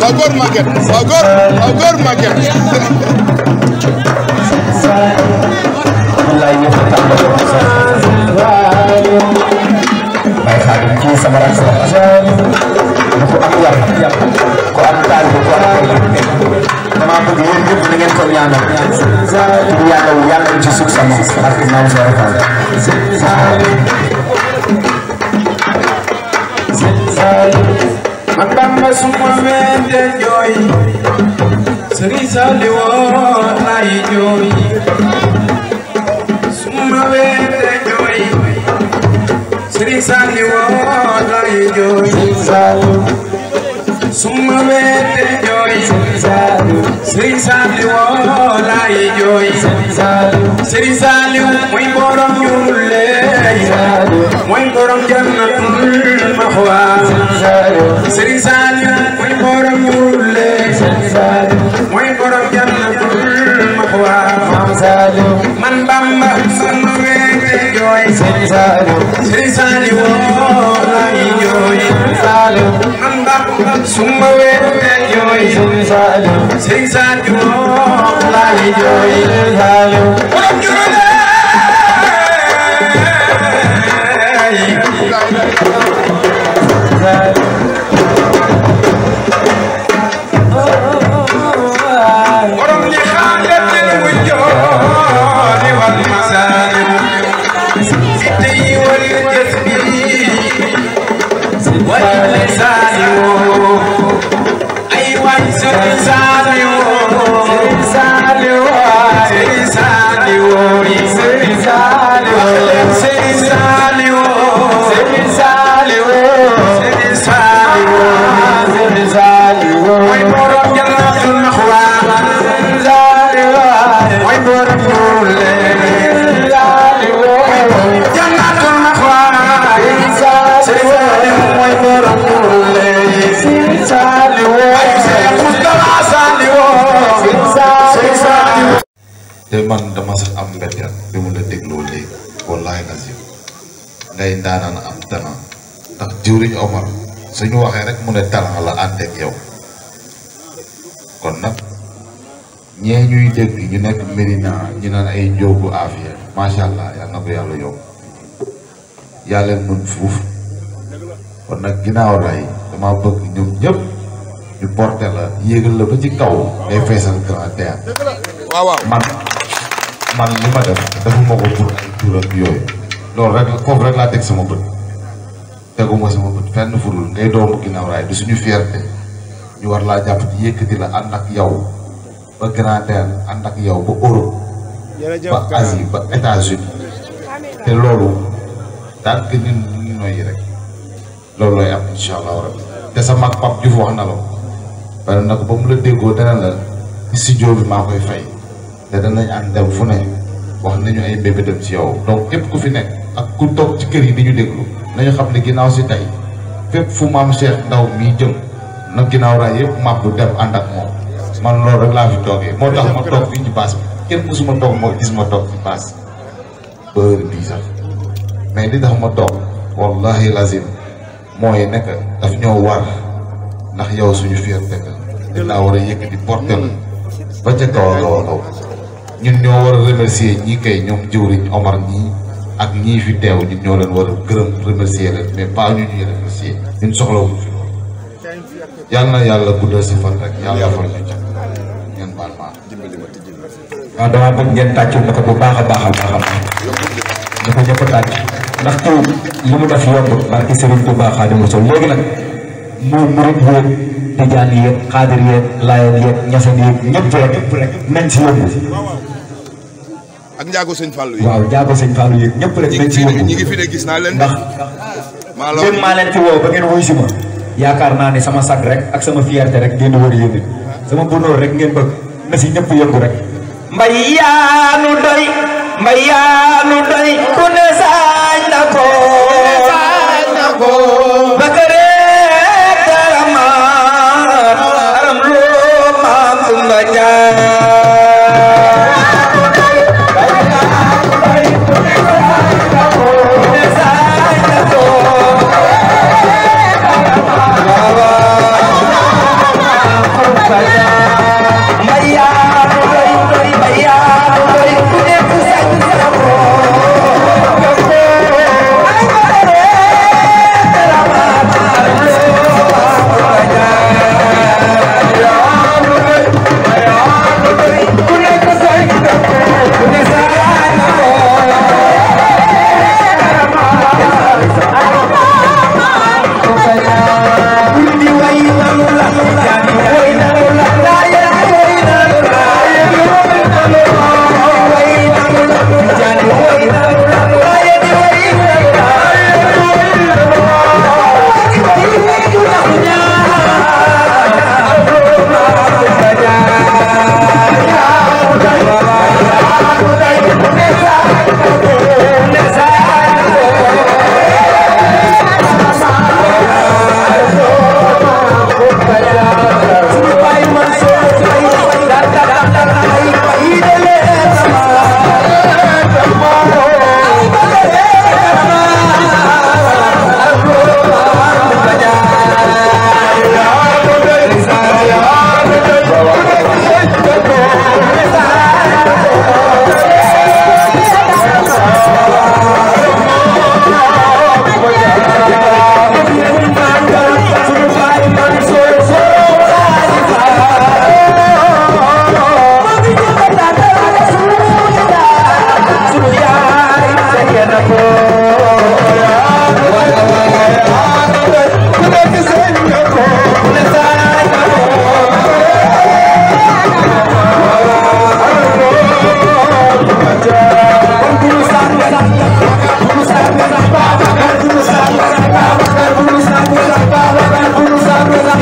waaw góor Maguette waaw góor waaw góor Maguette. wallaay ñëpp a tàmbali woon sax. Baye Xaadim kii sama rakk la ku am yar yar ku am taal bi ku am ay dama bëgg yéen ñëpp na ngeen ko ñaanal. di yàlla yàlla ci suuf sama ak Maam Sëriñ Fall. Thank you. man Bamba suma weete jooy Sëriñ Saliw woon lay jooy suma weete jooy Sëriñ Saliw woon lay jooy suma weete jooy Serigne Saliou Serigne Saliou woo oh, laay jooy Serigne Saliou Serigne Saliou mooy borom ñuul leey mooy borom jannatul maxwa Serigne Saliou mooy borom ñuul leey mooy borom jannatul maxwa man Bamba suma weete jooy Serigne Saliou Serigne Saliou oh, yooyu Saliou man baaxul suma wéeru tey yooyu Saliou sëñ Saliou laay jooy Saliou ndaanaan am talent ndax jiwriñ Omar suñu waxee rek mu ne talent la ànd ak kon nag ñee ñuy dégg ñu nekk Medina ñu naan ay njóobu afiya macha allah yal na ko yàlla yomb yaa mën fuuf kon nag ginnaaw dama bëgg ñoom ñëpp ñu porté la yéegal la ba ci kaw ngay feesal grand théâtre man man li ma def dafa ma ko yooyu loolu rek foofu rek laa teg sama bët teguma sama bët fenn furul ngay doomu ginnaaw raay du suñu fierté ñu war laa jàpp di yëkkati la ak yow ba ak yow ba Europe ba Asie ba états te loolu daan ka ñun ñu ngi noyyi rek loolu am insha allahu rabbi te sa mag Pape Diouf wax na la bari na ba mu la déggoo dana la studio bi maa koy fay te danañ ànd dem fu ne wax nañu ay bébé dem ci yow donc képp ku fi nekk ak ku toog ci kër yi di ñu déglu nañu xam ne ginnaaw si tey fépp fu maam Cheikh Ndaw mi jëm na ginnaaw raay yëpp màbb dem ànd ak moom man loolu rek laa fi toogee moo tax ma toog fii ci baas bi ma toog ci baas bi ba sax mais li tax ma toog wallahi lazim mooy nekk daf ñoo war ndax yow suñu fierté nga dinaa war a yëkkati porté la ba ca kaw a kaw a kaw war a remercier ñii kay ñoom jëwriñ Omar ak ñii fi teew ñun ñoo leen war a gërëm remercier leen mais pas ñu ñuy remercier ñun soxlawuñu fi loolu na yàlla guddal si fan rek yàlla far ñu ca ngeen baal ma ah, ngeen tàcc bu baax a baax a baax a baax dafa ndax taw li mu def yomb barke Serigne Touba Xaadimu Rasuul léegi nag moo murit yéeg tijaan yéeg xaadir yéeg laayeen yéeg ñasan yéeg ñëpp rek nañ si yomb ak njaago sëñ Fallou yi. waaw njaago sëñ Fallou yi ñëpp rek. nañ ci ñi ngi fi de gis naa leen. ndax maa maa leen ci woo ba ngeen wuyu si ma. yaakaar naa ne sama sag rek ak sama fierté rek ngeen di wër yéen sama bunóor rek ngeen bëgg na si ñëpp yëngu rek. mbay yaa doy. mbay yaa doy. ku ne sañ na ko.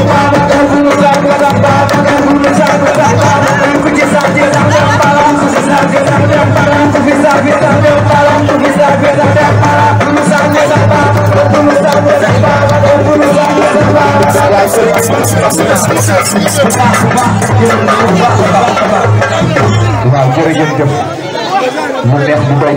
waaw jërëjëf jëf mu neex mu doy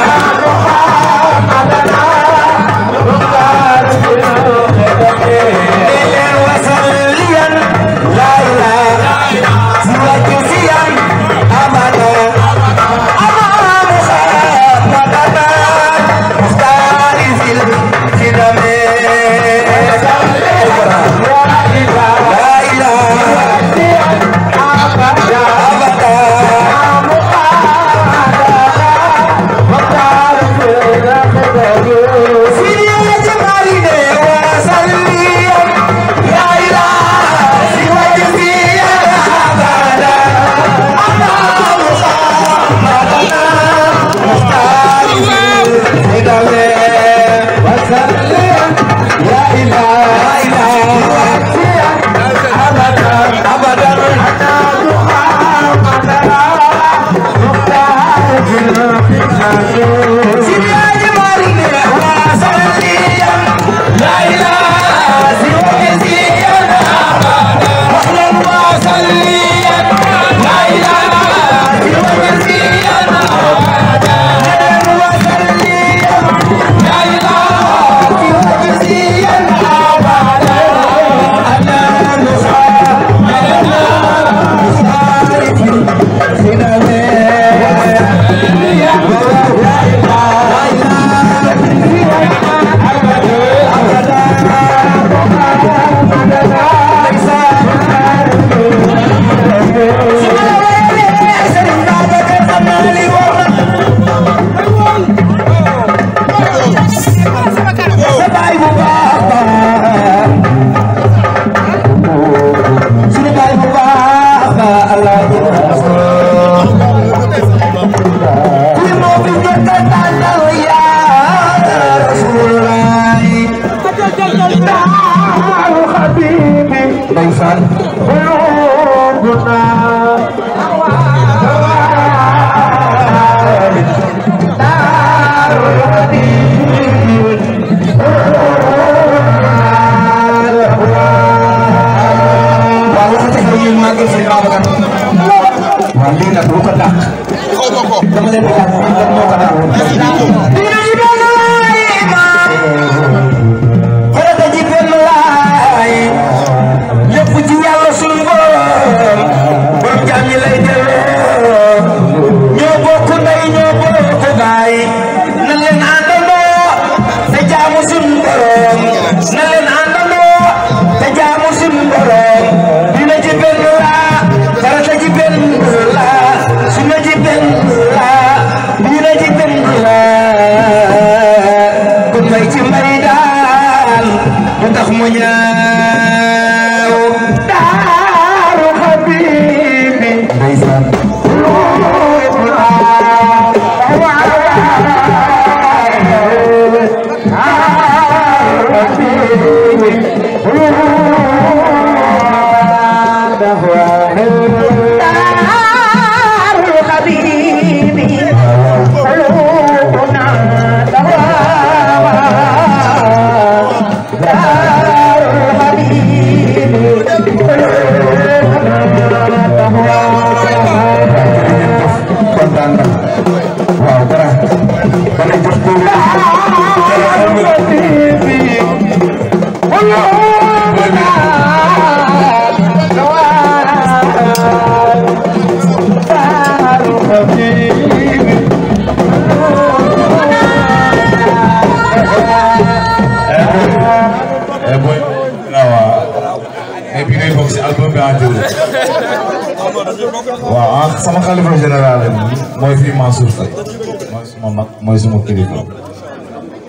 uniquement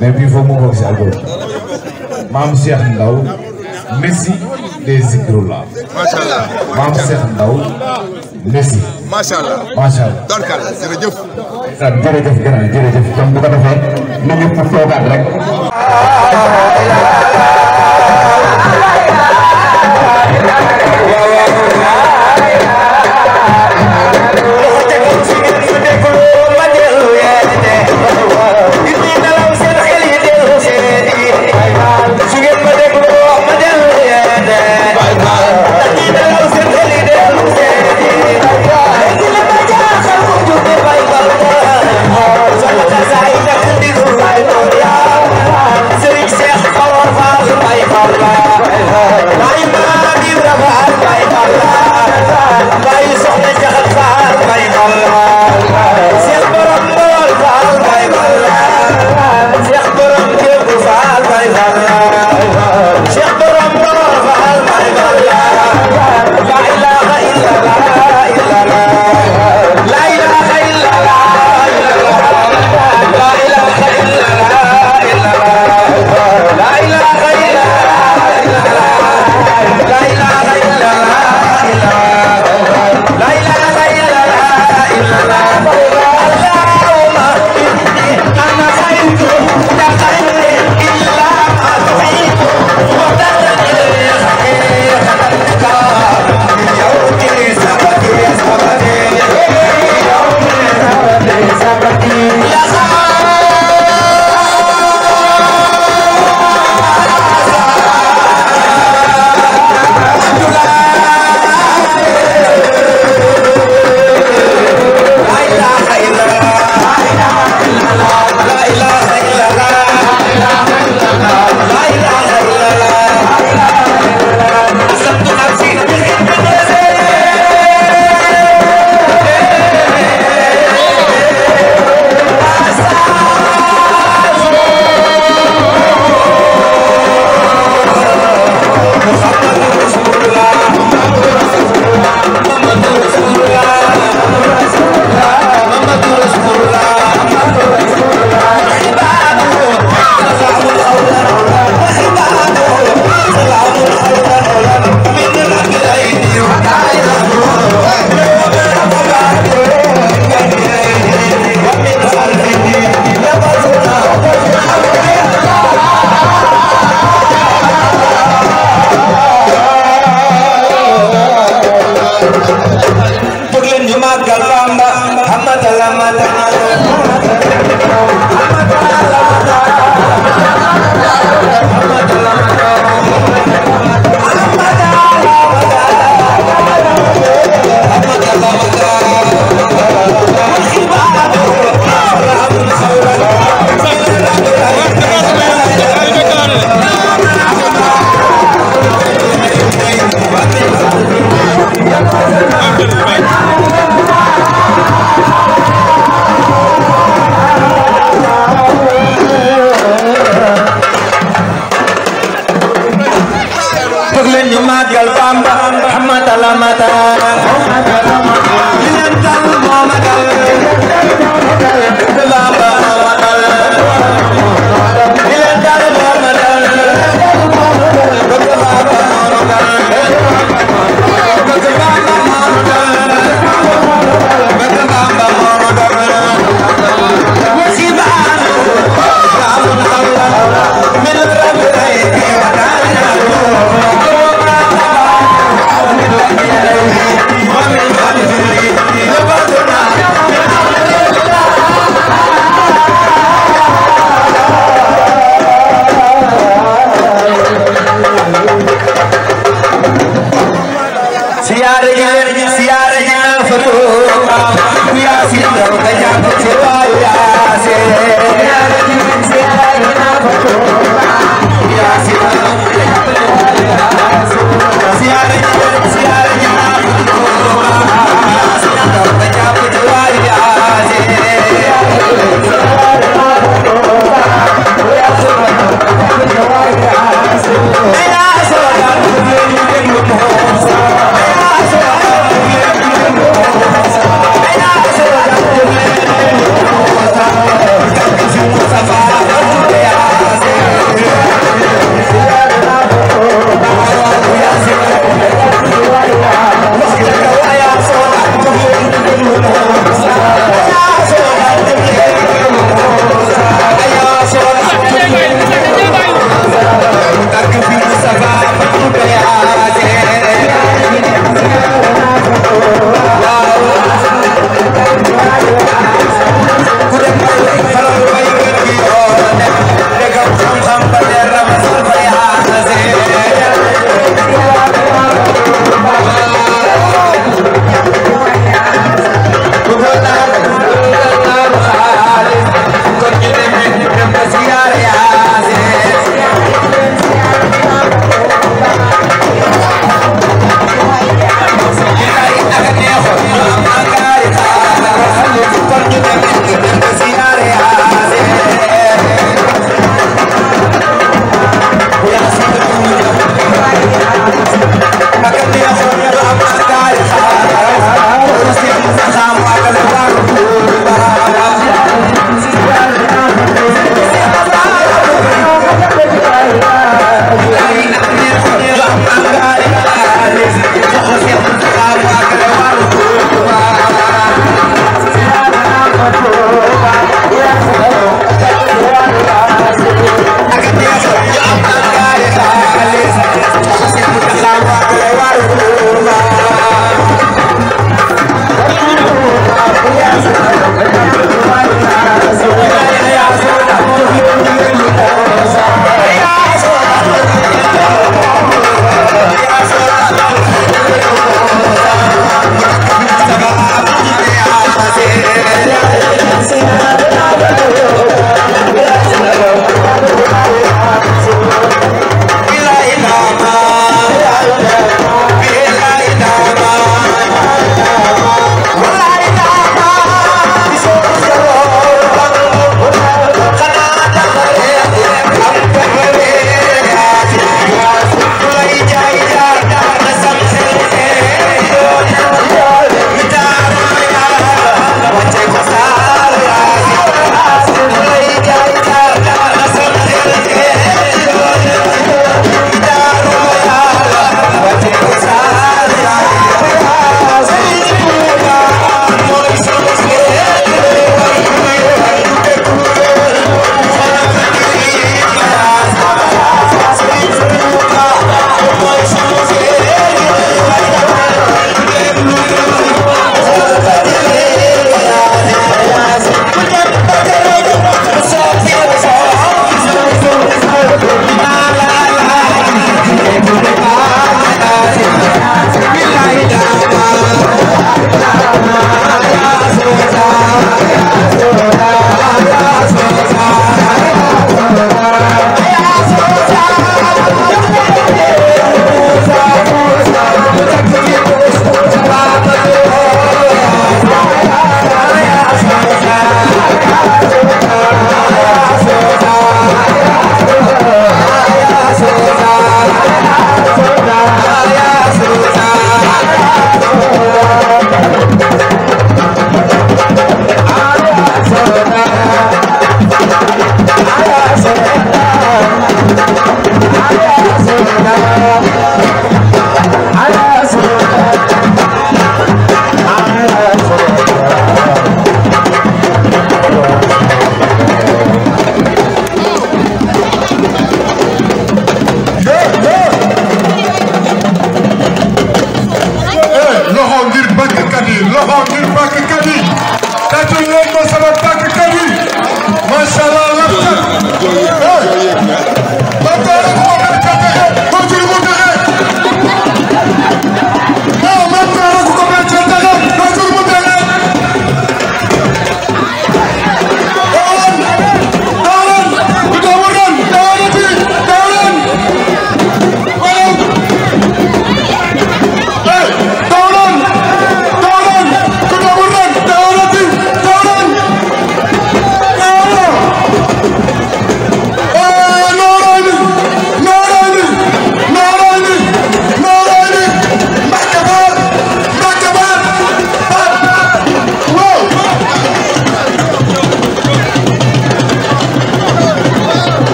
mais bii foofu moo bokk si alcool maam Cheikh Ndaw Messi des Zikrullah macha allah maam Cheikh Ndaw Messi. macha allah macha allah. dorkal jërëjëf. jërëjëf gën a jërëjëf kon bu ko defee nu ñu toogaat rek.